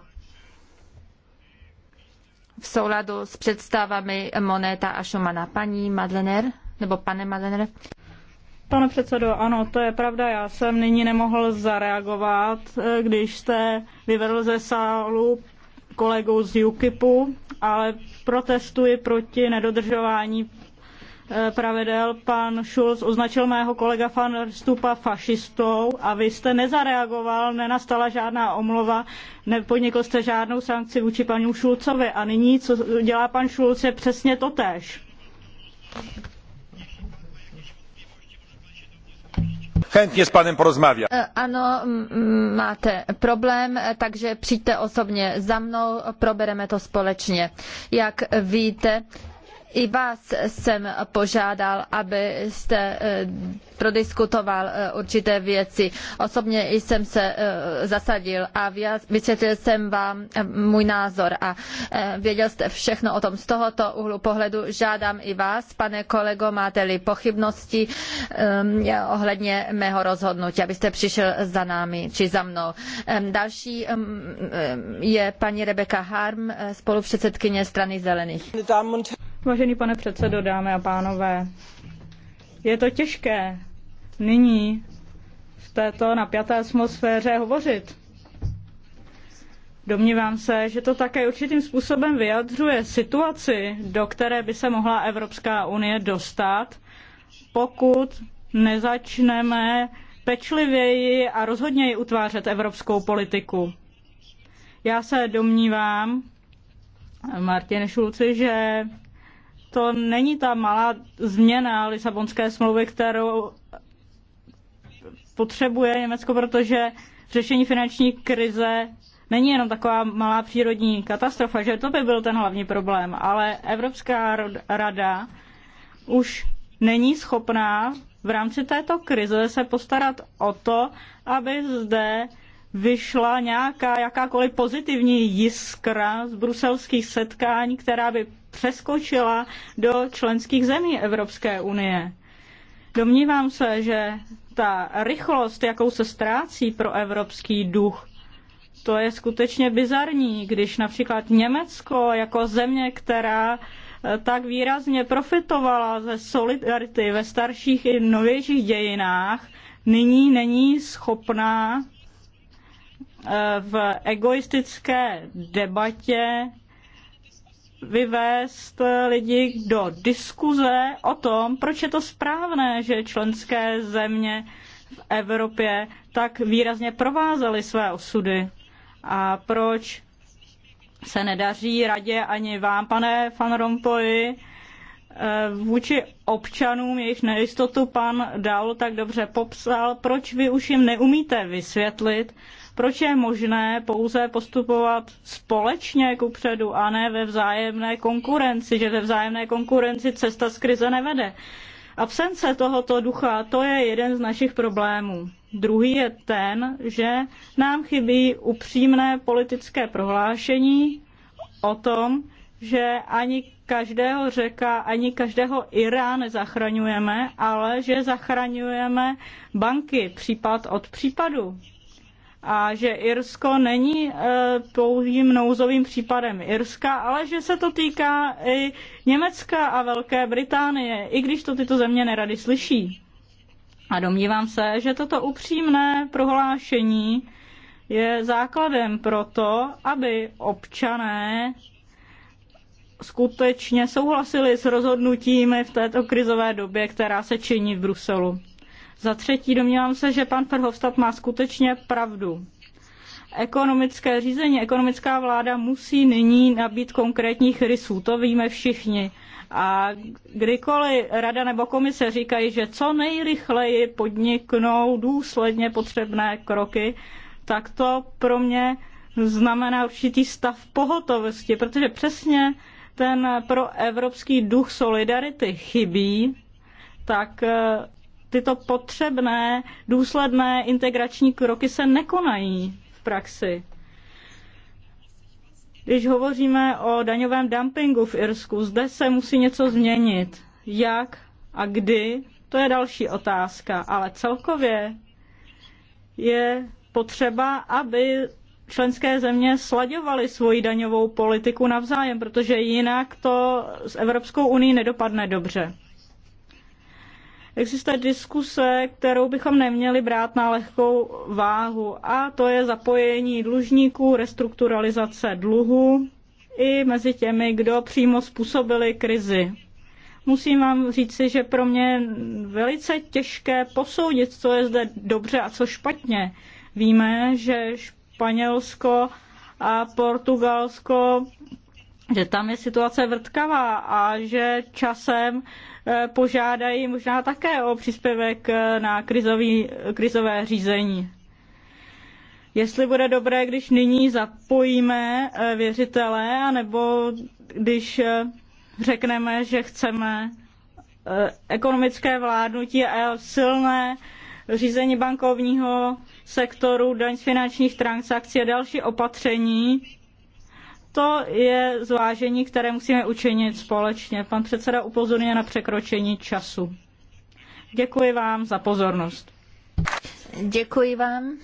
v souladu s představami Monéta a Schumana. Paní Madlener, nebo pane Madlener?
Pane předsedo, ano, to je pravda. Já jsem nyní nemohl zareagovat, eh, když jste vyvedl ze sálu kolegou z UKIPu, ale protestuji proti nedodržování Eh, pravidel pan Schulz označil mého kolega fan Stupa fašistou a vy jste nezareagoval, nenastala žádná omlova, nepodnikl jste žádnou sankci vůči panu Schulzovi a nyní, co dělá pan Schulz, je přesně totéž.
Chętně s panem porozmawia.
Eh, ano, mm,
máte problém, takže přijďte osobně za mnou, probereme to společně. Jak víte, i vás jsem požádal, abyste eh, prodiskutoval eh, určité věci. Osobně jsem se eh, zasadil a vysvětlil jsem vám můj názor a věděl jste všechno o tom. Z tohoto úhlu pohledu žádám i vás, pane kolego, máte-li pochybnosti ehm, ohledně mého rozhodnutí, abyste přišel za námi či za mnou. Ehm, další ehm, je paní Rebeka Harm, spolupředsedkyně
strany Zelených. Vážený pane předsedo, dámy a pánové, je to těžké nyní v této napjaté atmosféře hovořit. Domnívám se, že to také určitým způsobem vyjadřuje situaci, do které by se mohla Evropská unie dostat, pokud nezačneme pečlivěji a rozhodněji utvářet evropskou politiku. Já se domnívám, Martine Šulci, že to není ta malá změna Lisabonské smlouvy, kterou potřebuje Německo, protože řešení finanční krize není jenom taková malá přírodní katastrofa, že to by byl ten hlavní problém, ale Evropská rada už není schopná v rámci této krize se postarat o to, aby zde vyšla nějaká jakákoliv pozitivní jiskra z bruselských setkání, která by přeskočila do členských zemí Evropské unie. Domnívám se, že ta rychlost, jakou se ztrácí pro evropský duch, to je skutečně bizarní, když například Německo jako země, která eh, tak výrazně profitovala ze solidarity ve starších i novějších dějinách, nyní není schopná eh, v egoistické debatě vyvést eh, lidi do diskuze o tom, proč je to správné, že členské země v Evropě tak výrazně provázely své osudy a proč se nedaří radě ani vám, pane Van Rompuy, Eh, vůči občanům, jejich nejistotu pan Dal tak dobře popsal, proč vy už jim neumíte vysvětlit, proč je možné pouze postupovat společně ku předu a ne ve vzájemné konkurenci, že ve vzájemné konkurenci cesta z krize nevede. Absence tohoto ducha, to je jeden z našich problémů. Druhý je ten, že nám chybí upřímné politické prohlášení o tom, že ani každého řeka ani každého Irá nezachraňujeme, ale že zachraňujeme banky případ od případu. A že Irsko není e, pouhým nouzovým případem Irska, ale že se to týká i Německa a Velké Británie, i když to tyto země nerady slyší. A domnívám se, že toto upřímné prohlášení je základem pro to, aby občané skutečně souhlasili s rozhodnutími v této krizové době, která se činí v Bruselu. Za třetí domnívám se, že pan Verhofstadt má skutečně pravdu. Ekonomické řízení, ekonomická vláda musí nyní nabít konkrétních rysů, to víme všichni. A kdykoliv rada nebo komise říkají, že co nejrychleji podniknou důsledně potřebné kroky, tak to pro mě znamená určitý stav pohotovosti, protože přesně ten proevropský duch solidarity chybí, tak eh, tyto potřebné důsledné integrační kroky se nekonají v praxi. Když hovoříme o daňovém dumpingu v Irsku, zde se musí něco změnit. Jak a kdy, to je další otázka, ale celkově je potřeba, aby členské země slaďovaly svoji daňovou politiku navzájem, protože jinak to s Evropskou unii nedopadne dobře. Existuje diskuse, kterou bychom neměli brát na lehkou váhu, a to je zapojení dlužníků, restrukturalizace dluhu i mezi těmi, kdo přímo způsobili krizi. Musím vám říci, že pro mě velice těžké posoudit, co je zde dobře a co špatně. Víme, že Španělsko a Portugalsko, že tam je situace vrtkavá a že časem eh, požádají možná také o příspěvek eh, na krizový, krizové řízení. Jestli bude dobré, když nyní zapojíme eh, věřitele, anebo když řekneme, že chceme ekonomické vládnutí a silné řízení bankovního sektoru, daň z finančních transakcí a další opatření, to je zvážení, které musíme učinit společně. Pan předseda upozorňuje na překročení času. Děkuji vám za pozornost.
Děkuji vám.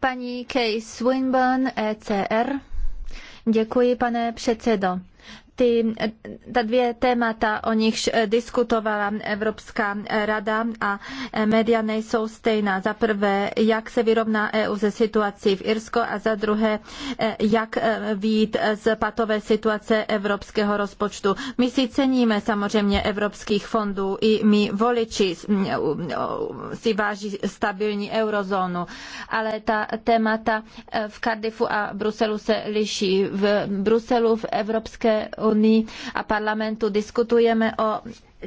Paní Kay Swinburne, ECR. Děkuji, pane předsedo ty, ta dvě témata, o nichž eh, diskutovala Evropská eh, rada a eh, média nejsou stejná. Za prvé, jak se vyrovná EU ze situací v Irsko a za druhé, jak výjít z patové situace evropského rozpočtu. My si ceníme samozřejmě evropských fondů i my voliči mm, si váží stabilní eurozónu, ale ta témata v Cardiffu a Bruselu se liší. V Bruselu v Evropské unii a parlamentu diskutujeme o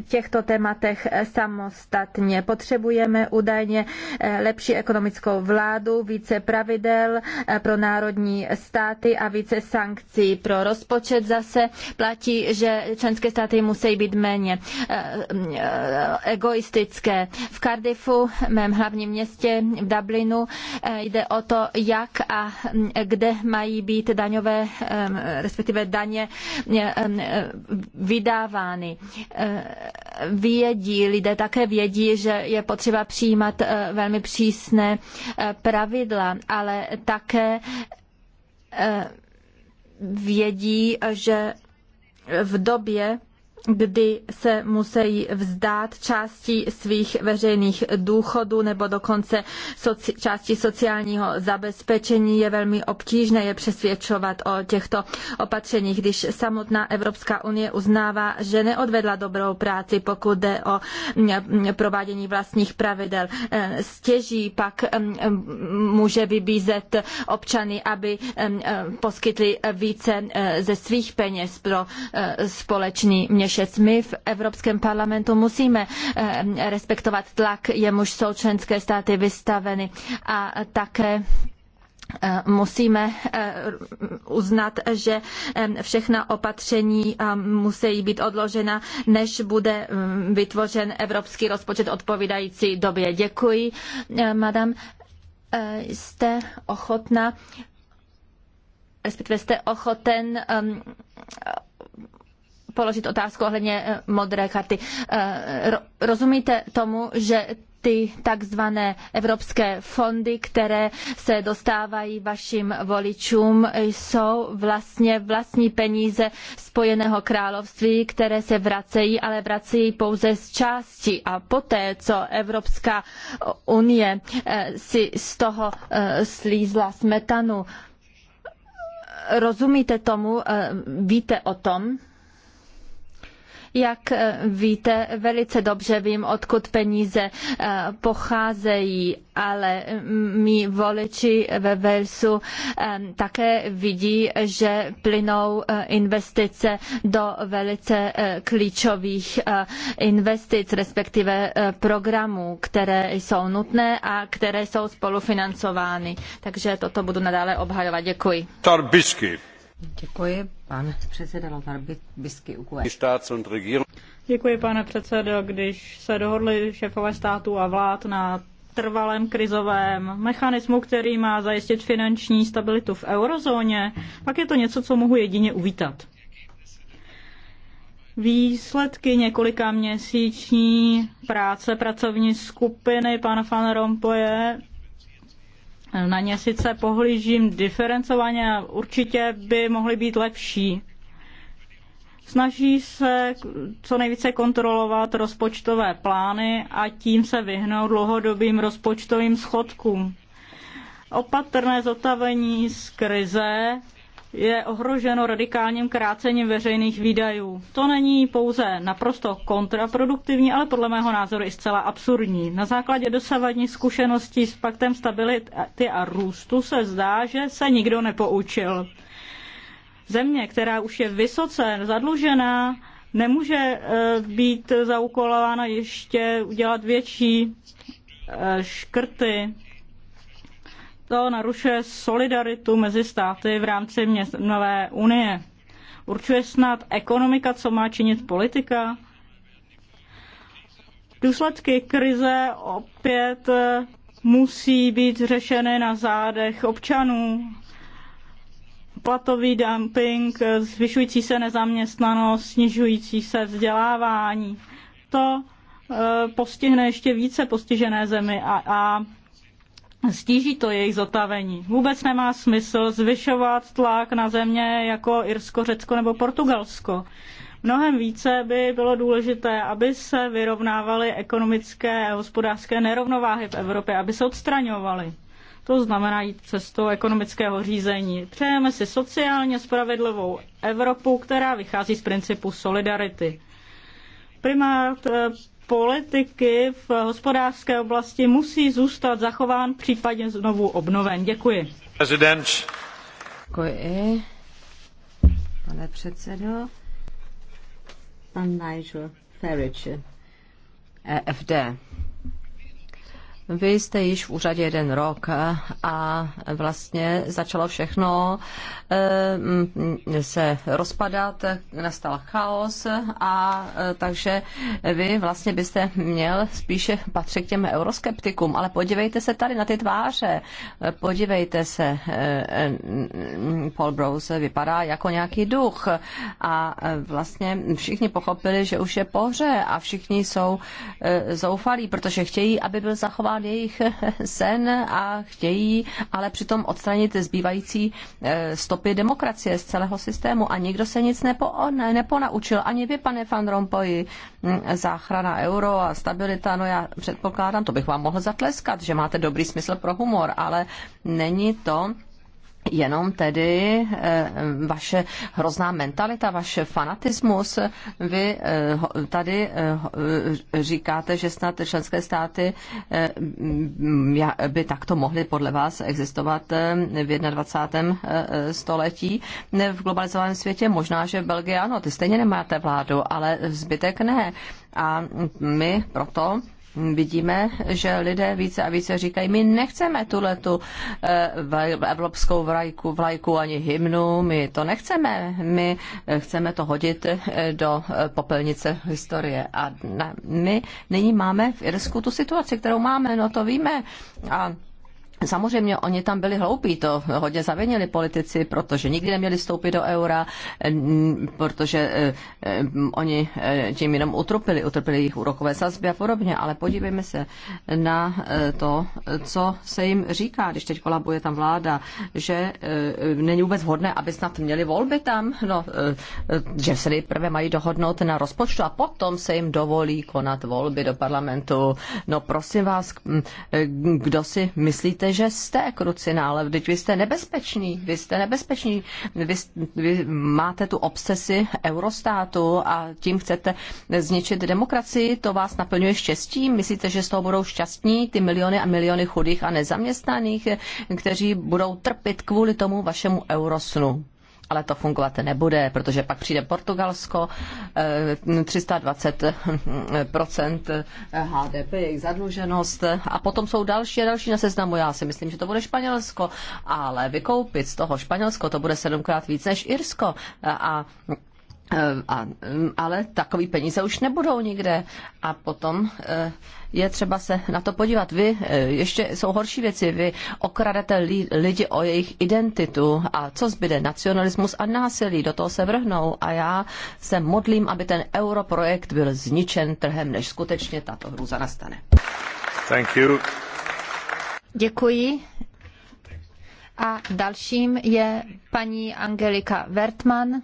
těchto tématech samostatně. Potřebujeme údajně eh, lepší ekonomickou vládu, více pravidel eh, pro národní státy a více sankcí. Pro rozpočet zase platí, že členské státy musí být méně eh, egoistické. V Cardiffu, mém hlavním městě, v Dublinu, jde o to, jak a hm, kde mají být daňové, respektive daně hm, vydávány vědí, lidé také vědí, že je potřeba přijímat eh, velmi přísné eh, pravidla, ale také eh, vědí, že v době kdy se musí vzdát části svých veřejných důchodů nebo dokonce soci, části sociálního zabezpečení, je velmi obtížné je přesvědčovat o těchto opatřeních, když samotná Evropská unie uznává, že neodvedla dobrou práci, pokud jde o provádění vlastních pravidel. E, stěží pak může vybízet občany, aby poskytli více e, ze svých peněz pro e, společný měšení Šest. My v Evropském parlamentu musíme eh, respektovat tlak, jemuž jsou členské státy vystaveny a také eh, musíme eh, uznat, že všechna opatření musí být odložena, než bude mm, vytvořen evropský rozpočet odpovídající době. Děkuji, madam. Jste ochotna, respektive jste ochoten položit otázku ohledně eh, modré karty. Eh, rozumíte tomu, že ty takzvané evropské fondy, které se dostávají vašim voličům, jsou vlastně vlastní peníze Spojeného království, které se vracejí, ale vracejí pouze z části. A poté, co Evropská unie eh, si z toho slízla smetanu, rozumíte tomu, víte o tom? Jak eh, víte, velice dobře vím, odkud peníze eh, pocházejí, ale mi mm, voliči ve Walesu ehm, také vidí, že plynou eh, investice do velice klíčových investic, respektive programů, které jsou nutné a které jsou spolufinancovány. Takže toto budu nadále obhajovat. Děkuji.
Tarbisky.
Děkuji, pane předseda Bisky Děkuji, pane předsedo. Když se dohodli šéfové států a vlád na trvalém krizovém mechanismu, který má zajistit finanční stabilitu v eurozóně, pak je to něco, co mohu jedině uvítat. Výsledky několika měsíční práce pracovní skupiny pana Van Rompuye na ně sice pohlížím diferencovaně a určitě by mohly být lepší. Snaží se co nejvíce kontrolovat rozpočtové plány a tím se vyhnout dlouhodobým rozpočtovým schodkům. Opatrné zotavení z krize je ohroženo radikálním krácením veřejných výdajů. To není pouze naprosto kontraproduktivní, ale podle mého názoru i zcela absurdní. Na základě dosavadní zkušeností s paktem stability a růstu se zdá, že se nikdo nepoučil. Země, která už je vysoce zadlužená, nemůže e, být zaukolována ještě udělat větší e, škrty to narušuje solidaritu mezi státy v rámci měnové unie. Určuje snad ekonomika, co má činit politika? Důsledky krize opět eh, musí být řešeny na zádech občanů. Platový dumping, eh, zvyšující se nezaměstnanost, snižující se vzdělávání. To eh, postihne ještě více postižené zemi a, a stíží to jejich zotavení. Vůbec nemá smysl zvyšovat tlak na země jako Irsko, Řecko nebo Portugalsko. Mnohem více by bylo důležité, aby se vyrovnávaly ekonomické a hospodářské nerovnováhy v Evropě, aby se odstraňovaly. To znamená jít cestou ekonomického řízení. Přejeme si sociálně spravedlivou Evropu, která vychází z principu solidarity. Primát eh, politiky v hospodářské oblasti musí zůstat zachován, případně znovu obnoven. Děkuji. President. Děkuji, pane předsedo. Pan Nigel
Farage, EFD. Vy jste již v úřadě jeden rok a vlastně začalo všechno eh, se rozpadat, nastal chaos a eh, takže vy vlastně byste měl spíše patřit k těm euroskeptikům, ale podívejte se tady na ty tváře, podívejte se, eh, Paul Browse vypadá jako nějaký duch a vlastně všichni pochopili, že už je pohře a všichni jsou zoufalí, protože chtějí, aby byl zachován realizovat jejich sen a chtějí ale přitom odstranit zbývající eh, stopy demokracie z celého systému. A nikdo se nic nepo, ne, neponaučil. Ani vy, pane Van Rompuy, hm, záchrana euro a stabilita, no já předpokládám, to bych vám mohl zatleskat, že máte dobrý smysl pro humor, ale není to jenom tedy eh, vaše hrozná mentalita, vaše fanatismus. Vy eh, tady eh, říkáte, že snad členské státy by takto mohly podle vás existovat v 21. století v globalizovaném světě. Možná, že Belgie ano, ty stejně nemáte vládu, ale zbytek ne. A my proto vidíme, že lidé více a více říkají, my nechceme tuhle tu eh, evropskou vlajku, vlajku ani hymnu, my to nechceme, my eh, chceme to hodit eh, do popelnice historie. A my nyní máme v Irsku tu situaci, kterou máme, no to víme. A Samozřejmě oni tam byli hloupí, to hodně zavinili politici, protože nikdy neměli vstoupit do eura, protože e, e, oni e, tím jenom utrpili, utrpili jich úrokové sazby a podobně, ale podívejme se na to, co se jim říká, když teď kolabuje tam vláda, že není vůbec vhodné, aby snad měli volby tam, no, že se nejprve mají dohodnout na rozpočtu a potom se jim dovolí konat volby do parlamentu. No prosím vás, kdo si myslíte, že jste krucinále, vždyť vy jste nebezpečný, vy jste nebezpečný, vy, vy máte tu obsesi Eurostátu a tím chcete zničit demokracii, to vás naplňuje štěstím, myslíte, že z toho budou šťastní ty miliony a miliony chudých a nezaměstnaných, kteří budou trpět kvůli tomu vašemu eurosnu ale to fungovat nebude, protože pak přijde Portugalsko, 320% eh, HDP, jejich zadluženost a potom jsou další a další na seznamu. Já si myslím, že to bude Španělsko, ale vykoupit z toho Španělsko to bude sedmkrát víc než Irsko. A Eh, a, mm, ale takový peníze už nebudou nikde. A potom eh, je třeba se na to podívat. Vy, eh, ještě jsou horší věci, vy okradete lidi o jejich identitu a co zbyde? Nacionalismus a násilí, do toho se vrhnou a já se modlím, aby ten europrojekt byl zničen
trhem, než skutečně tato hrůza nastane. Thank you. Děkuji. A dalším je paní Angelika Wertmann.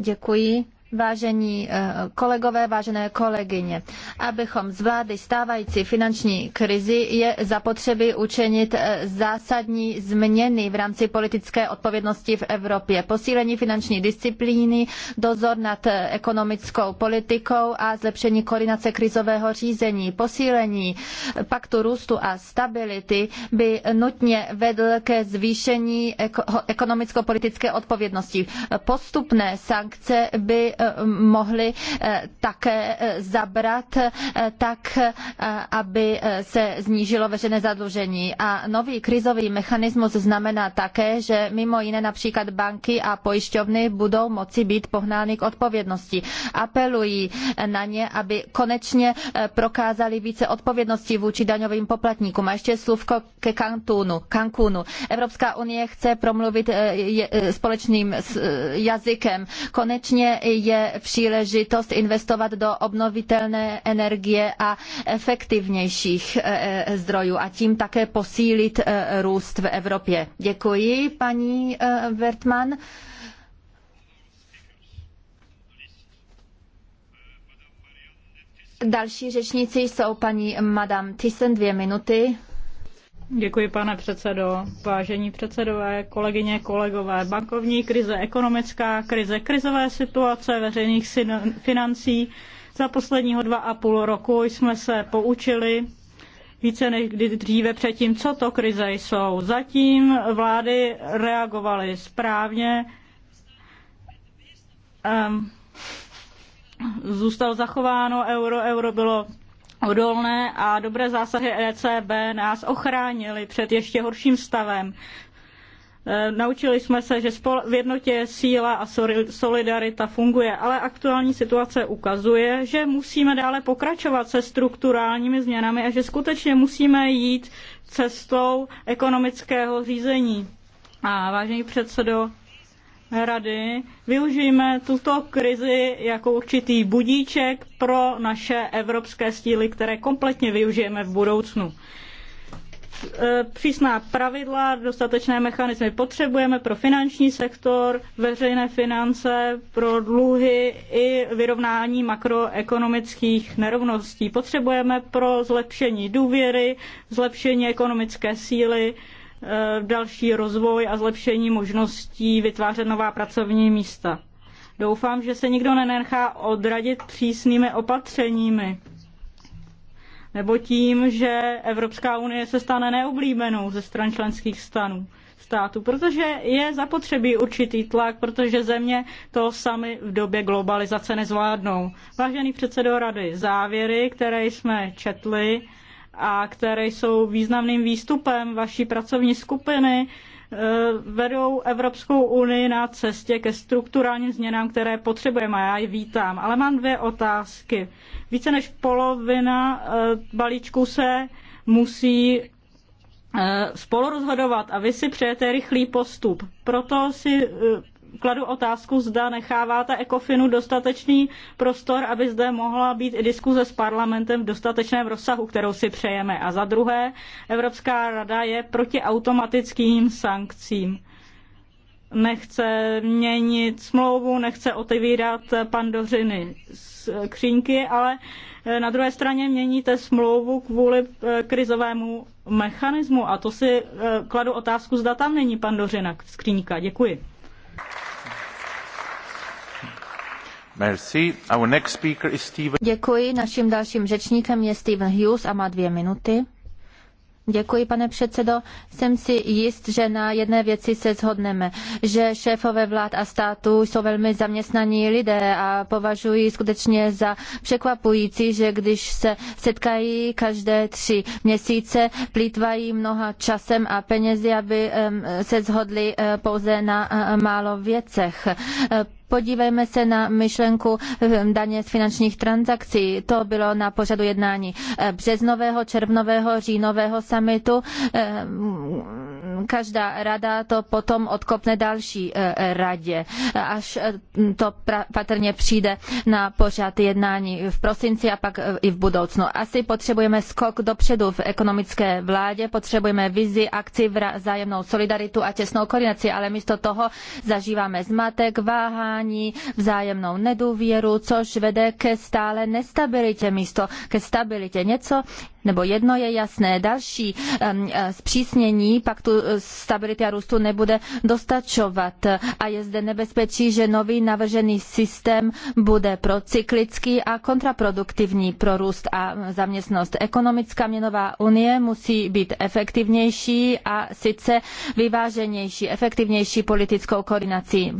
Děkuji. Vážení eh, kolegové, vážené kolegyně, abychom zvládli stávající finanční krizi, je zapotřebí učinit eh, zásadní změny v rámci politické odpovědnosti v Evropě. Posílení finanční disciplíny, dozor nad eh, ekonomickou politikou a zlepšení koordinace krizového řízení. Posílení paktu růstu a stability by nutně vedl ke zvýšení ekonomicko-politické odpovědnosti. Postupné sankce by Eh, mohli eh, také eh, zabrat tak, aby se snížilo veřejné zadlužení. A nový krizový mechanismus znamená také, že mimo jiné například banky a pojišťovny budou moci být pohnány k odpovědnosti. Apelují na ně, aby konečně prokázali více odpovědnosti vůči daňovým poplatníkům. A ještě slůvko ke Cancúnu. Cancúnu. Evropská unie chce promluvit společným jazykem. Konečně je je příležitost investovat do obnovitelné energie a efektivnějších eh, eh, zdrojů a tím také posílit eh, růst v Evropě. Děkuji, paní Wertmann. Další řečníci jsou paní Madame Thyssen, dvě minuty.
Děkuji, pane předsedo. Vážení předsedové, kolegyně, kolegové, bankovní krize, ekonomická krize, krizové situace veřejných financí. Za posledního dva a půl roku jsme se poučili více než kdy dříve předtím, co to krize jsou. Zatím vlády reagovaly správně. Um, zůstalo zachováno euro, euro bylo odolné a dobré zásahy ECB nás ochránily před ještě horším stavem. E, naučili jsme se, že v jednotě síla a solidarita funguje, ale aktuální situace ukazuje, že musíme dále pokračovat se strukturálními změnami a že skutečně musíme jít cestou ekonomického řízení. A vážený předsedo rady využijeme tuto krizi jako určitý budíček pro naše evropské stíly, které kompletně využijeme v budoucnu. E, přísná pravidla, dostatečné mechanismy potřebujeme pro finanční sektor, veřejné finance, pro dluhy i vyrovnání makroekonomických nerovností. Potřebujeme pro zlepšení důvěry, zlepšení ekonomické síly, Eh, další rozvoj a zlepšení možností vytvářet nová pracovní místa. Doufám, že se nikdo nenechá odradit přísnými opatřeními nebo tím, že Evropská unie se stane neoblíbenou ze stran členských stanů, států, protože je zapotřebí určitý tlak, protože země to sami v době globalizace nezvládnou. Vážený předsedo rady, závěry, které jsme četli, a které jsou významným výstupem vaší pracovní skupiny, e, vedou Evropskou unii na cestě ke strukturálním změnám, které potřebujeme. Já ji vítám, ale mám dvě otázky. Více než polovina e, balíčků se musí e, spolu rozhodovat. a vy si přejete rychlý postup. Proto si kladu otázku, zda necháváte Ekofinu dostatečný prostor, aby zde mohla být i diskuze s parlamentem v dostatečném rozsahu, kterou si přejeme. A za druhé, Evropská rada je proti automatickým sankcím. Nechce měnit smlouvu, nechce otevírat pandořiny z křínky, ale na druhé straně měníte smlouvu kvůli eh, krizovému mechanismu a to si eh, kladu otázku, zda tam není pandořina skříňka. Děkuji.
Děkuji. Naším dalším řečníkem je Steven Hughes a má dvě minuty. Děkuji, pane předsedo. Jsem si jist, že na jedné věci se shodneme, že šéfové vlád a států jsou velmi zaměstnaní lidé a považuji skutečně za překvapující, že když se setkají každé tři měsíce, plítvají mnoha časem a penězi, aby se shodli eh, pouze na eh, málo věcech Podívejme se na myšlenku ehm, daně z finančních transakcí. To bylo na pořadu jednání eh, březnového, červnového, říjnového summitu ehm, každá rada to potom odkopne další e, e, radě, až e, to patrně přijde na pořad jednání v prosinci a pak i v budoucnu. Asi potřebujeme skok dopředu v ekonomické vládě, potřebujeme vizi, akci, vzájemnou solidaritu a těsnou koordinaci, ale místo toho zažíváme zmatek, váhání, vzájemnou nedůvěru, což vede ke stále nestabilitě místo ke stabilitě. Něco nebo jedno je jasné, další eh, zpřísnění paktu eh, stability a růstu nebude dostačovat a je zde nebezpečí, že nový navržený systém bude procyklický a kontraproduktivní pro růst a zaměstnost. Ekonomická měnová unie musí být efektivnější a sice vyváženější, efektivnější politickou koordinací,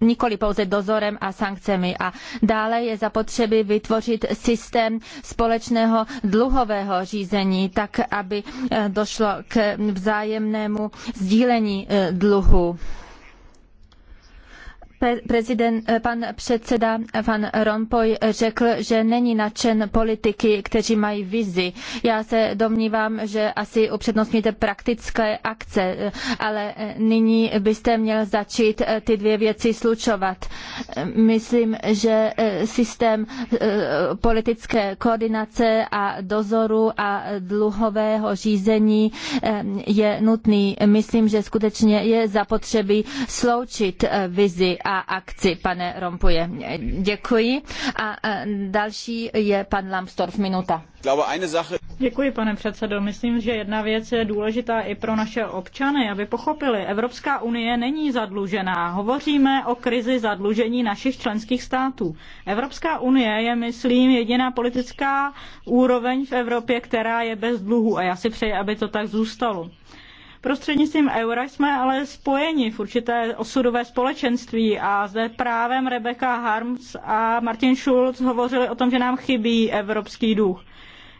nikoli pouze dozorem a sankcemi. A dále je zapotřebí vytvořit systém společného dluhového krizového řízení, tak aby eh, došlo k vzájemnému sdílení eh, dluhu. Prezident, eh, pan předseda Van Rompuy řekl, že není nadšen politiky, kteří mají vizi. Já se domnívám, že asi upřednostníte praktické akce, eh, ale eh, nyní byste měl začít ty dvě věci slučovat. Myslím, že systém politické koordinace a dozoru a dluhového řízení je nutný. Myslím, že skutečně je zapotřebí sloučit vizi a a akci, pane Rompuje. Děkuji. A e, další
je pan Lambsdorff, minuta. Děkuji, pane předsedo. Myslím, že jedna věc je důležitá i pro naše občany, aby pochopili. Evropská unie není zadlužená. Hovoříme o krizi zadlužení našich členských států. Evropská unie je, myslím, jediná politická úroveň v Evropě, která je bez dluhu a já si přeji, aby to tak zůstalo. Prostřednictvím eura jsme ale spojeni v určité osudové společenství a zde právem Rebecca Harms a Martin Schulz hovořili o tom, že nám chybí evropský duch.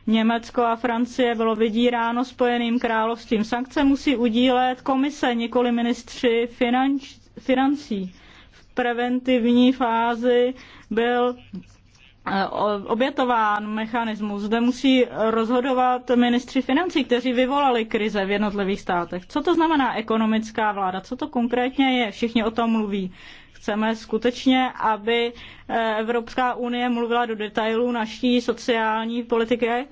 Německo a Francie bylo vydíráno spojeným královstvím. Sankce musí udílet komise, nikoli ministři finanč, financí. V preventivní fázi byl Eh, obětován mechanismus. Zde musí rozhodovat ministři financí, kteří vyvolali krize v jednotlivých státech. Co to znamená ekonomická vláda? Co to konkrétně je? Všichni o tom mluví. Chceme skutečně, aby eh, Evropská unie mluvila do detailů naší sociální politiky?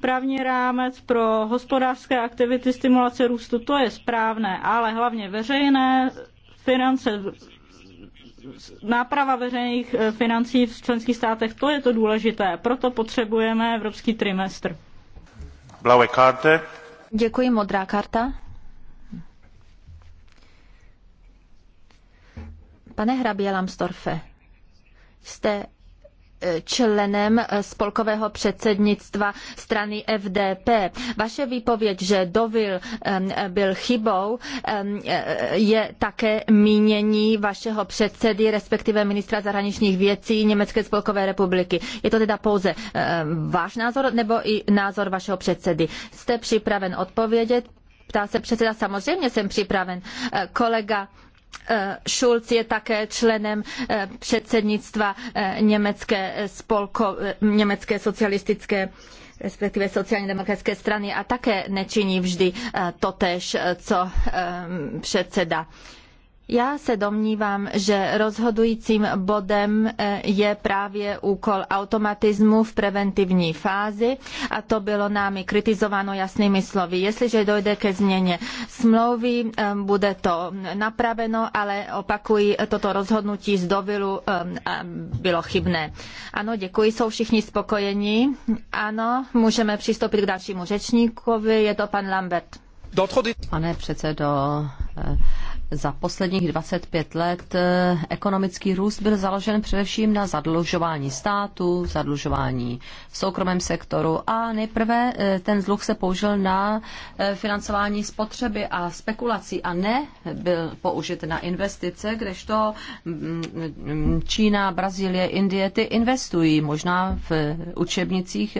Právní rámec pro hospodářské aktivity, stimulace růstu, to je správné, ale hlavně veřejné finance náprava veřejných eh, financí v členských státech, to je to důležité. Proto potřebujeme evropský trimestr. Blaue karte. Děkuji,
modrá karta. Pane hrabě Lamstorfe, jste členem eh, spolkového předsednictva strany FDP. Vaše výpověď, že Dovil byl chybou, eh, je také mínění vašeho předsedy, respektive ministra zahraničních věcí Německé spolkové republiky. Je to teda pouze váš názor nebo i názor vašeho předsedy? Jste připraven odpovědět? Ptá se předseda, samozřejmě jsem připraven. Eh, kolega Eh, Schulz je také členem eh, předsednictva eh, německé, spolko, německé socialistické respektive sociálně demokratické strany a také nečiní vždy totež, co předseda já se domnívám, že rozhodujícím bodem eh, je právě úkol automatismu v preventivní fázi a to bylo námi kritizováno jasnými slovy. Jestliže dojde ke změně smlouvy, eh, bude to napraveno, ale opakuji, toto rozhodnutí z dovilu eh, bylo chybné. Ano, děkuji, jsou všichni spokojeni. Ano, můžeme přistoupit k dalšímu řečníkovi, je to pan Lambert.
Pane předsedo, za posledních 25 let eh, ekonomický růst byl založen především na zadlužování státu, zadlužování v soukromém sektoru a nejprve eh, ten dluh se použil na eh, financování spotřeby a spekulací a ne byl použit na investice, kdežto mm, mm, Čína, Brazílie, Indie ty investují. Možná v učebnicích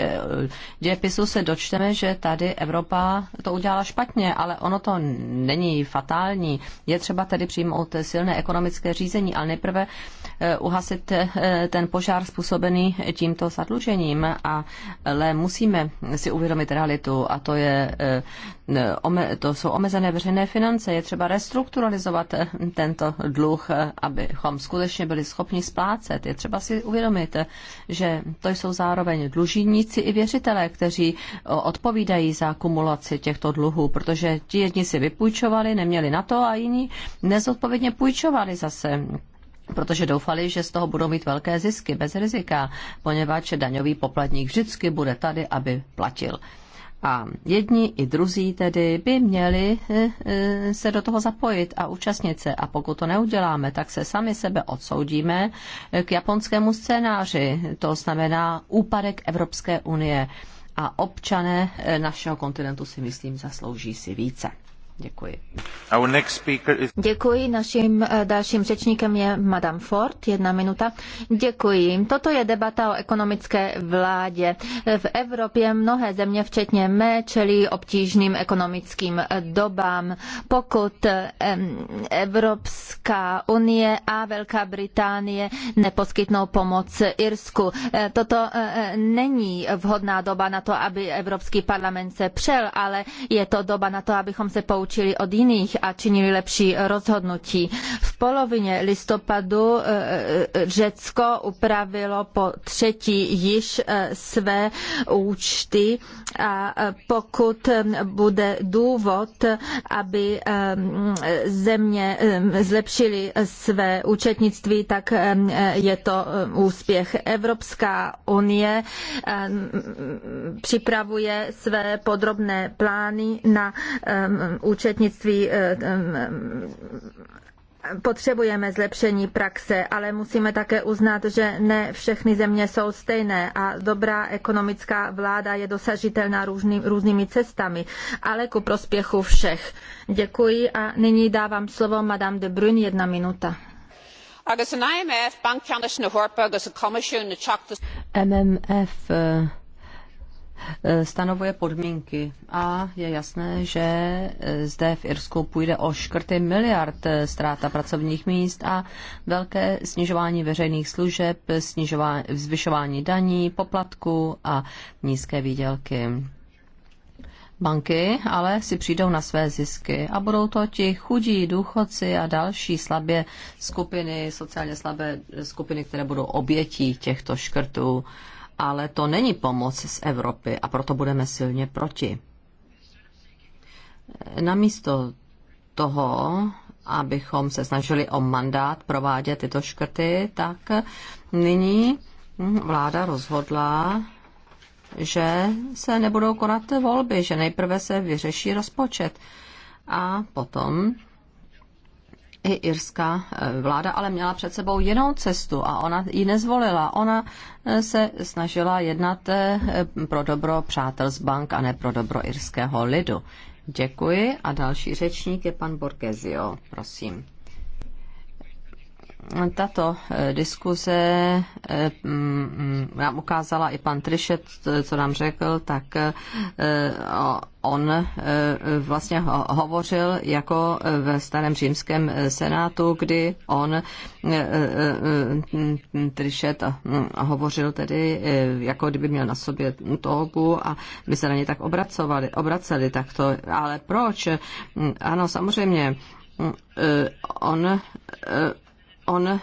dějepisu se dočteme, že tady Evropa to udělala špatně, ale ono to není fatální. Je je třeba tedy přijmout silné ekonomické řízení, ale nejprve eh, uhasit eh, ten požár způsobený tímto zadlužením, ale musíme si uvědomit realitu a to, je, eh, to jsou omezené veřejné finance. Je třeba restrukturalizovat tento dluh, abychom skutečně byli schopni splácet. Je třeba si uvědomit, že to jsou zároveň dlužníci i věřitelé, kteří odpovídají za kumulaci těchto dluhů, protože ti jedni si vypůjčovali, neměli na to a jiní nezodpovědně půjčovali zase protože doufali, že z toho budou mít velké zisky bez rizika, poněvadž daňový poplatník vždycky bude tady, aby platil. A jedni i druzí tedy by měli eh, eh, se do toho zapojit a účastnit se. A pokud to neuděláme, tak se sami sebe odsoudíme eh, k japonskému scénáři. To znamená úpadek Evropské unie. A občané našeho kontinentu si myslím zaslouží si více. Děkuji.
Our next speaker is...
Děkuji. Naším eh, dalším řečníkem je Madame Ford. Jedna minuta. Děkuji. Toto je debata o ekonomické vládě. V Evropě mnohé země, včetně mé, čelí obtížným ekonomickým eh, dobám. Pokud eh, Evropská unie a Velká Británie neposkytnou pomoc Irsku, toto není vhodná doba na to, aby Evropský parlament se přel, ale je to doba na to, abychom se poučili poučili od jiných a činili lepší rozhodnutí. V polovině listopadu e, e, Řecko upravilo po třetí již e, své účty a pokud bude důvod, aby země zlepšily své účetnictví, tak je to úspěch. Evropská unie připravuje své podrobné plány na účetnictví eh, eh, potřebujeme zlepšení praxe, ale musíme také uznat, že ne všechny země jsou stejné a dobrá ekonomická vláda je dosažitelná různý, různými cestami, ale ku prospěchu všech. Děkuji a nyní dávám slovo Madame de Bruyne, jedna minuta.
MMF E, stanovuje podmínky
a je
jasné, že e, zde v Irsku půjde o škrty miliard e, ztráta pracovních míst a velké snižování veřejných služeb, snižování, zvyšování daní, poplatku a nízké výdělky. Banky ale si přijdou na své zisky a budou to ti chudí důchodci a další slabě skupiny, sociálně slabé skupiny, které budou obětí těchto škrtů ale to není pomoc z Evropy a proto budeme silně proti. Namísto toho, abychom se snažili o mandát provádět tyto škrty, tak nyní vláda rozhodla, že se nebudou konat volby, že nejprve se vyřeší rozpočet a potom i irská eh, vláda ale měla před sebou jinou cestu a ona ji nezvolila. Ona eh, se snažila jednat eh, pro dobro přátel z bank a ne pro dobro irského lidu. Děkuji a další řečník je pan Borgesio, prosím tato eh, diskuze eh, mm, nám ukázala i pan Trišet, eh, co nám řekl, tak on vlastně hovořil jako ve starém římském senátu, kdy on mm, Trišet mm, hovořil tedy, jako kdyby měl na sobě togu a my se na ně tak obracovali, obraceli takto. Ale proč? Ano, samozřejmě on On, eh,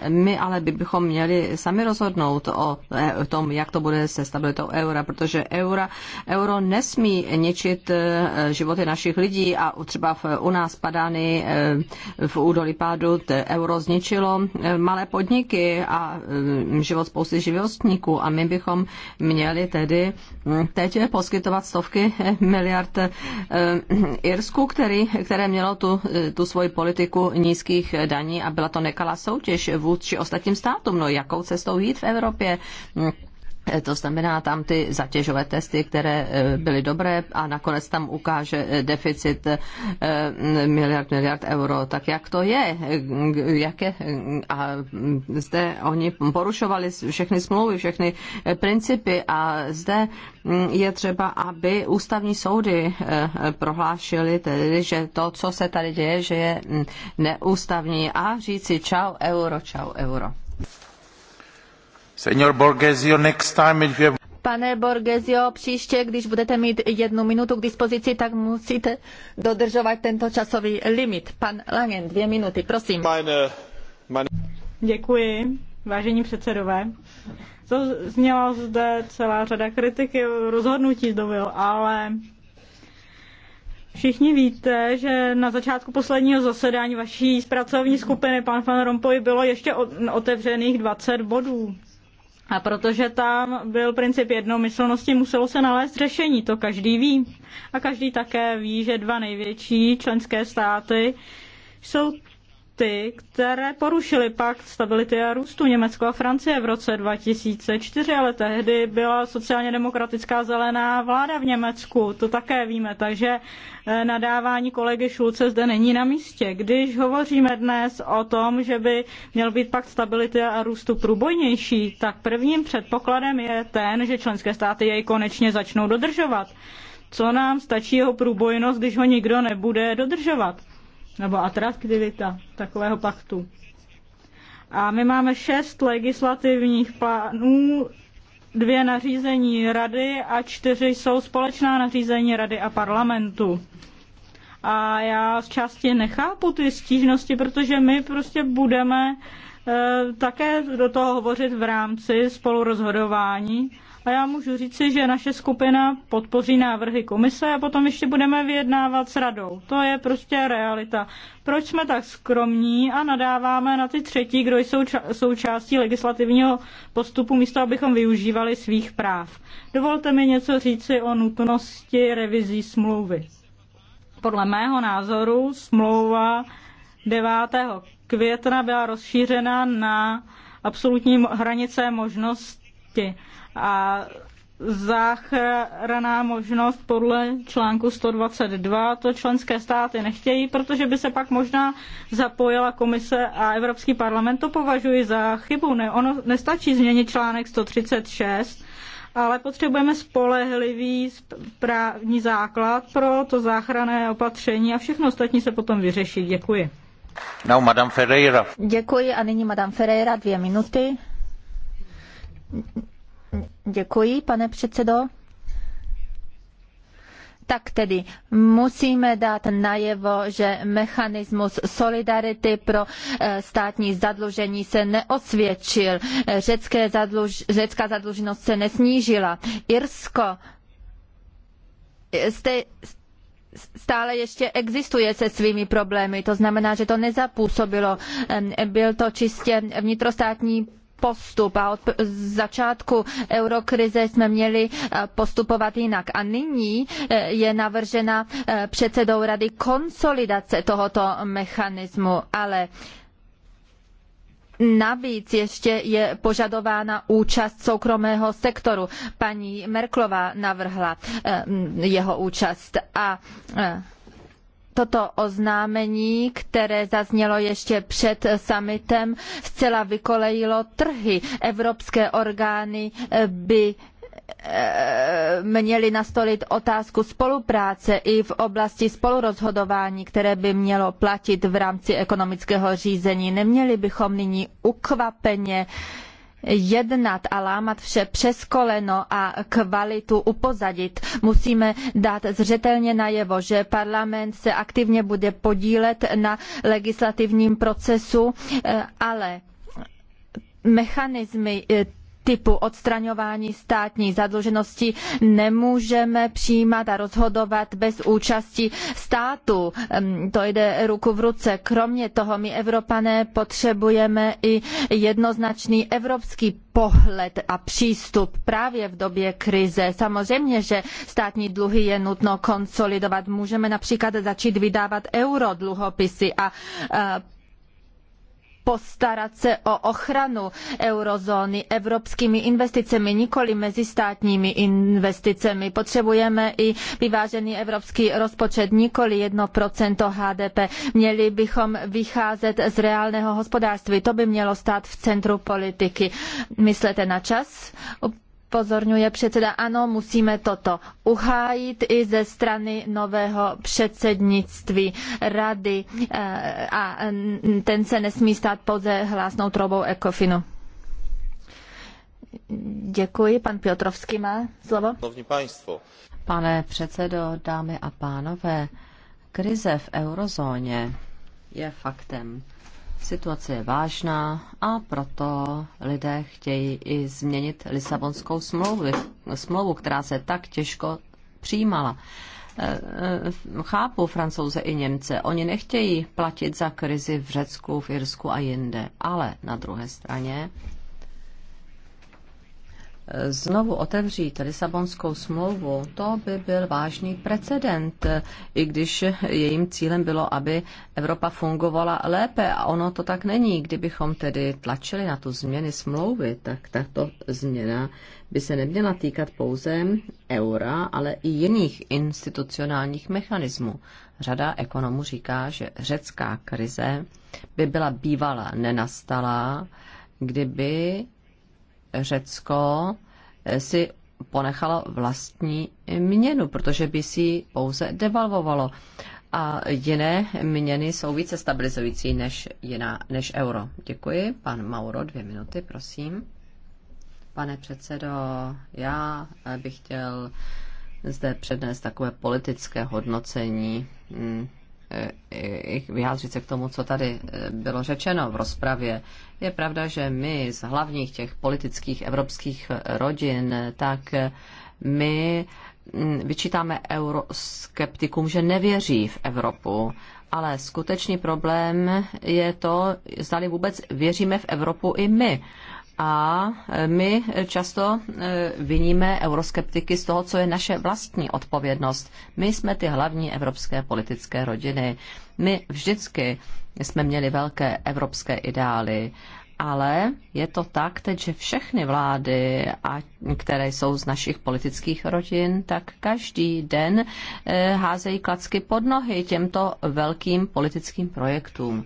eh, my ale bychom měli sami rozhodnout eh, o tom, jak to bude se stabilitou eura, protože eura, euro nesmí ničit životy našich lidí a třeba u nás padány v údolí pádu euro zničilo malé podniky a život spousty živostníků a my bychom měli tedy hm, teď poskytovat stovky miliard Irsku, který, které mělo tu, tu svoji politiku nízkých daní a byla to nekalá soutěž vůči ostatním státům. No jakou cestou jít v Evropě? Eh, to znamená tam ty zatěžové testy, které eh, byly dobré a nakonec tam ukáže eh, deficit mm, miliard, miliard euro. Tak jak to je? Jak je? A mm, zde oni porušovali všechny smlouvy, všechny principy a zde mm, je třeba, aby ústavní soudy prohlášili, tedy, že to, co se tady děje, že je neústavní
a říci čau euro, čau euro.
Senior Borgesio, next time if you have...
Pane Borgesio, příště, když budete mít jednu minutu k dispozici, tak musíte dodržovat tento časový limit. Pan Langen, dvě minuty, prosím.
Meine, meine...
Děkuji, vážení předsedové. To zněla zde celá řada kritiky rozhodnutí zdovil, ale Všichni víte, že na začátku posledního zasedání vaší pracovní skupiny, pan Van Rompuy, bylo ještě otevřených 20 bodů. A protože tam byl princip jednomyslnosti, muselo se nalézt řešení, to každý ví. A každý také ví, že dva největší členské státy jsou ty, které porušily pakt stability a růstu Německo a Francie v roce 2004, ale tehdy byla sociálně demokratická zelená vláda v Německu, to také víme, takže eh, nadávání kolegy Šulce zde není na místě. Když hovoříme dnes o tom, že by měl být pakt stability a růstu průbojnější, tak prvním předpokladem je ten, že členské státy jej konečně začnou dodržovat. Co nám stačí jeho průbojnost, když ho nikdo nebude dodržovat? nebo atraktivita takového paktu. A my máme šest legislativních plánů, dvě nařízení rady a čtyři jsou společná nařízení rady a parlamentu. A já z části nechápu ty stížnosti, protože my prostě budeme e, také do toho hovořit v rámci spolurozhodování a já můžu říci, že naše skupina podpoří návrhy komise a potom ještě budeme vyjednávat s radou. To je prostě realita. Proč jsme tak skromní a nadáváme na ty třetí, kdo jsou součástí legislativního postupu, místo abychom využívali svých práv? Dovolte mi něco říci o nutnosti revizí smlouvy. Podle mého názoru smlouva 9. května byla rozšířena na absolutní hranice možnosti a záchraná možnost podle článku 122 to členské státy nechtějí, protože by se pak možná zapojila komise a Evropský parlament. To považuji za chybu. Ne, ono nestačí změnit článek 136, ale potřebujeme spolehlivý právní základ pro to záchranné opatření a všechno ostatní se potom vyřeší. Děkuji. No, Madame Ferreira. Děkuji a nyní Madame Ferreira, dvě minuty.
Děkuji, pane předsedo. Tak tedy musíme dát najevo, že mechanismus solidarity pro eh, státní zadlužení se neosvědčil. Řecké zadluž, řecká zadluženost se nesnížila. Irsko jste, eh, stále ještě existuje se svými problémy. To znamená, že to nezapůsobilo. Byl to čistě vnitrostátní postup a od začátku eurokrize jsme měli eh, postupovat jinak. A nyní eh, je navržena eh, předsedou rady konsolidace tohoto mechanismu, ale Navíc ještě je požadována účast soukromého sektoru. Paní Merklová navrhla jeho účast a toto oznámení, které zaznělo ještě před summitem, zcela vykolejilo trhy. Evropské orgány eh, by eh, měli nastolit otázku spolupráce i v oblasti spolurozhodování, které by mělo platit v rámci ekonomického řízení. Neměli bychom nyní ukvapeně uh, jednat a lámat vše přes koleno a kvalitu upozadit. Musíme dát zřetelně najevo, že parlament se aktivně bude podílet na legislativním procesu, eh, ale mechanismy eh, typu odstraňování státní zadluženosti nemůžeme přijímat a rozhodovat bez účasti státu. To jde ruku v ruce. Kromě toho my Evropané potřebujeme i jednoznačný evropský pohled a přístup právě v době krize. Samozřejmě, že státní dluhy je nutno konsolidovat. Můžeme například začít vydávat eurodluhopisy a postarat se o ochranu eurozóny evropskými investicemi, nikoli mezistátními investicemi. Potřebujeme i vyvážený evropský rozpočet, nikoli jedno procento HDP. Měli bychom vycházet z reálného hospodářství. To by mělo stát v centru politiky. Myslete na čas? upozorňuje předseda. Ano, musíme toto uhájit i ze strany nového předsednictví rady eh, a ten se nesmí stát pouze hlásnou troubou ECOFINu. Děkuji. Pan Piotrovský má slovo. Pane předsedo, dámy a
pánové, krize v eurozóně je faktem Situace je vážná a proto lidé chtějí i změnit Lisabonskou smlouvu, smlouvu která se tak těžko přijímala. Eh, eh, chápu francouze i Němce, oni nechtějí platit za krizi v Řecku, v Irsku a jinde, ale na druhé straně znovu otevřít Lisabonskou smlouvu, to by byl vážný precedent, i když jejím cílem bylo, aby Evropa fungovala lépe a ono to tak není. Kdybychom tedy tlačili na tu změny smlouvy, tak tato změna by se neměla týkat pouze eura, ale i jiných institucionálních mechanismů. Řada ekonomů říká, že řecká krize by byla bývala nenastalá, kdyby Řecko eh, si ponechalo vlastní měnu, protože by si ji pouze devalvovalo. A jiné měny jsou více stabilizující než, jiná, než euro. Děkuji. Pan Mauro, dvě minuty, prosím. Pane předsedo, já bych chtěl zde přednést takové politické hodnocení, hm, eh, vyjádřit se k tomu, co tady eh, bylo řečeno v rozpravě. Je pravda, že my z hlavních těch politických evropských rodin, tak my mm, vyčítáme euroskeptikům, že nevěří v Evropu. Ale skutečný problém je to, zdali vůbec věříme v Evropu i my. A my často e, viníme euroskeptiky z toho, co je naše vlastní odpovědnost. My jsme ty hlavní evropské politické rodiny. My vždycky jsme měli velké evropské ideály, ale je to tak teď, že všechny vlády, a které jsou z našich politických rodin, tak každý den eh, házejí klacky pod nohy těmto velkým politickým projektům.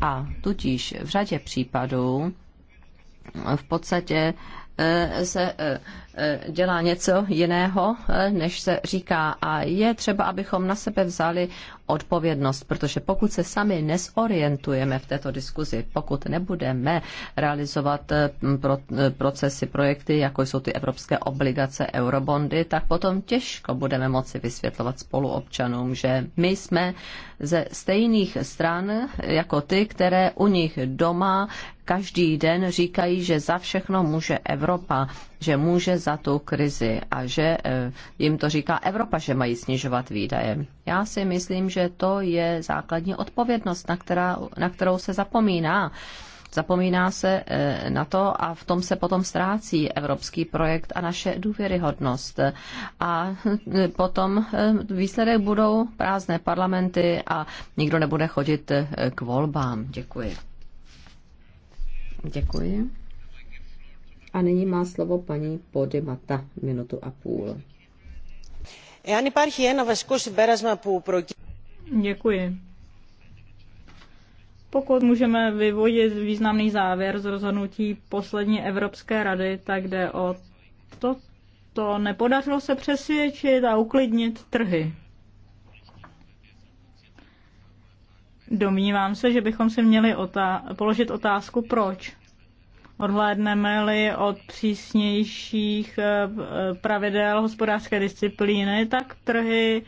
A tudíž v řadě případů v podstatě eh, se eh, E, dělá něco jiného, e, než se říká. A je třeba, abychom na sebe vzali odpovědnost, protože pokud se sami nesorientujeme v této diskuzi, pokud nebudeme realizovat e, procesy, projekty, jako jsou ty evropské obligace, eurobondy, tak potom těžko budeme moci vysvětlovat spoluobčanům, že my jsme ze stejných stran jako ty, které u nich doma každý den říkají, že za všechno může Evropa, že může za tu krizi a že eh, jim to říká Evropa, že mají snižovat výdaje. Já si myslím, že to je základní odpovědnost, na, která, na kterou se zapomíná. Zapomíná se eh, na to a v tom se potom ztrácí evropský projekt a naše důvěryhodnost. A eh, potom výsledek budou prázdné parlamenty a nikdo nebude chodit k volbám. Děkuji. Děkuji. A nyní má slovo paní Podimata, minutu a půl.
Děkuji. Pokud můžeme vyvodit významný závěr z rozhodnutí poslední Evropské rady, tak jde o to, to nepodařilo se přesvědčit a uklidnit trhy. Domnívám se, že bychom si měli otá- položit otázku, proč. Odhlédneme-li od přísnějších eh, eh, pravidel hospodářské disciplíny, tak trhy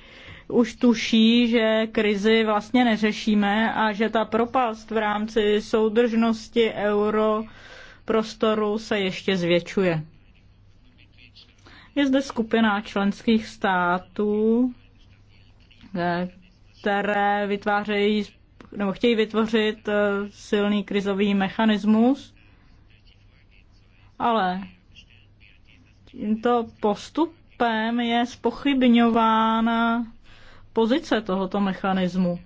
už tuší, že krizi vlastně neřešíme a že ta propast v rámci soudržnosti euro prostoru se ještě zvětšuje. Je zde skupina členských států, eh, které vytvářejí nebo chtějí vytvořit silný krizový mechanismus, ale tímto postupem je spochybňována pozice tohoto mechanismu.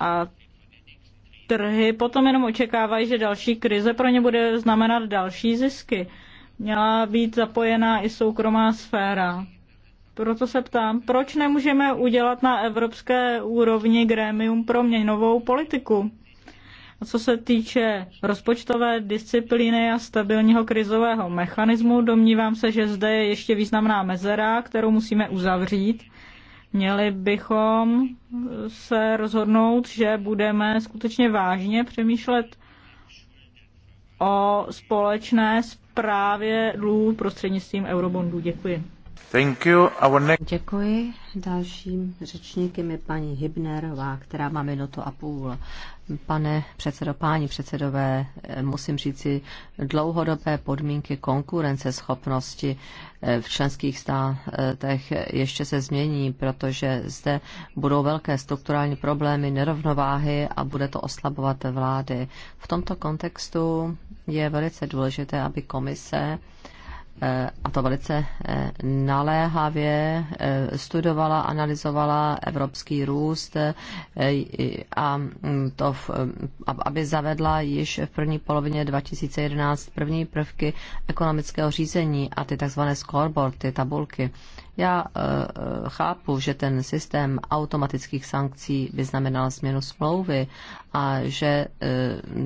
A trhy potom jenom očekávají, že další krize pro ně bude znamenat další zisky. Měla být zapojená i soukromá sféra. Proto se ptám, proč nemůžeme udělat na evropské úrovni grémium pro měnovou politiku? A co se týče rozpočtové disciplíny a stabilního krizového mechanismu, domnívám se, že zde je ještě významná mezera, kterou musíme uzavřít. Měli bychom se rozhodnout, že budeme skutečně vážně přemýšlet o společné zprávě dluhů prostřednictvím eurobondů. Děkuji.
Thank you. Our next... Děkuji. Dalším řečníkem je paní Hybnerová, která má minutu a půl. Pane předsedo, páni předsedové, eh, musím říci, dlouhodobé podmínky konkurenceschopnosti eh, v členských státech ještě se změní, protože zde budou velké strukturální problémy, nerovnováhy a bude to oslabovat vlády. V tomto kontextu je velice důležité, aby komise Eh, a to velice eh, naléhavě eh, studovala, analyzovala evropský růst a mm, to, v, aby zavedla již v první polovině 2011 první prvky ekonomického řízení a ty tzv. scoreboard, ty tabulky. Já chápu, že ten systém automatických sankcí by znamenal změnu smlouvy a že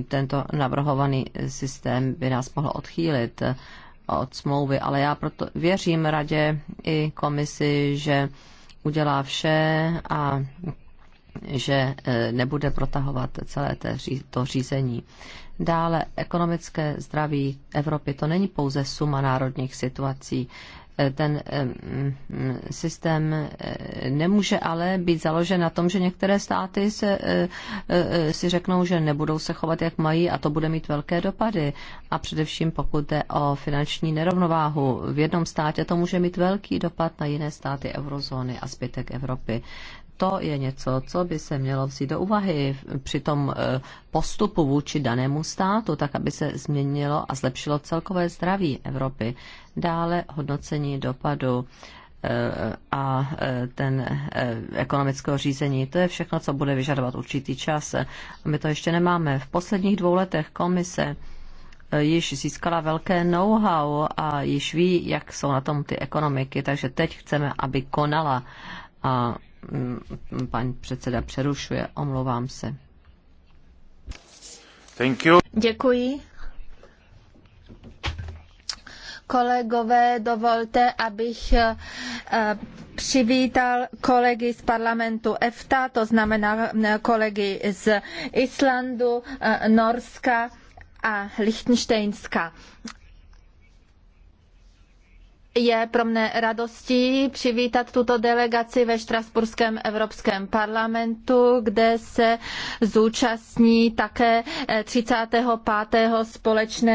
tento navrhovaný systém by nás mohl odchýlit od smlouvy, ale já proto věřím radě i komisi, že udělá vše a že e, nebude protahovat celé to řízení. Dále ekonomické zdraví Evropy to není pouze suma národních situací ten systém eh, nemůže ale být založen na tom, že některé státy se, eh, eh, si řeknou, že nebudou se chovat, jak mají a to bude mít velké dopady. A především pokud jde o finanční nerovnováhu v jednom státě, to může mít velký dopad na jiné státy eurozóny a zbytek Evropy to je něco, co by se mělo vzít do úvahy při tom eh, postupu vůči danému státu, tak aby se změnilo a zlepšilo celkové zdraví Evropy. Dále hodnocení dopadu eh, a eh, ten ekonomického řízení. To je všechno, co bude vyžadovat určitý čas. My to ještě nemáme. V posledních dvou letech komise již získala velké know-how a již ví, jak jsou na tom ty ekonomiky, takže teď chceme, aby konala a Mm, pan předseda přerušuje, omlouvám se.
Thank you. Děkuji. Kolegové, dovolte, abych eh, přivítal kolegy z parlamentu EFTA, to znamená eh, kolegy z Islandu, eh, Norska a Lichtensteinska je pro mne radostí přivítat tuto delegaci ve Štrasburském Evropském parlamentu, kde se zúčastní také 35. Eh, společné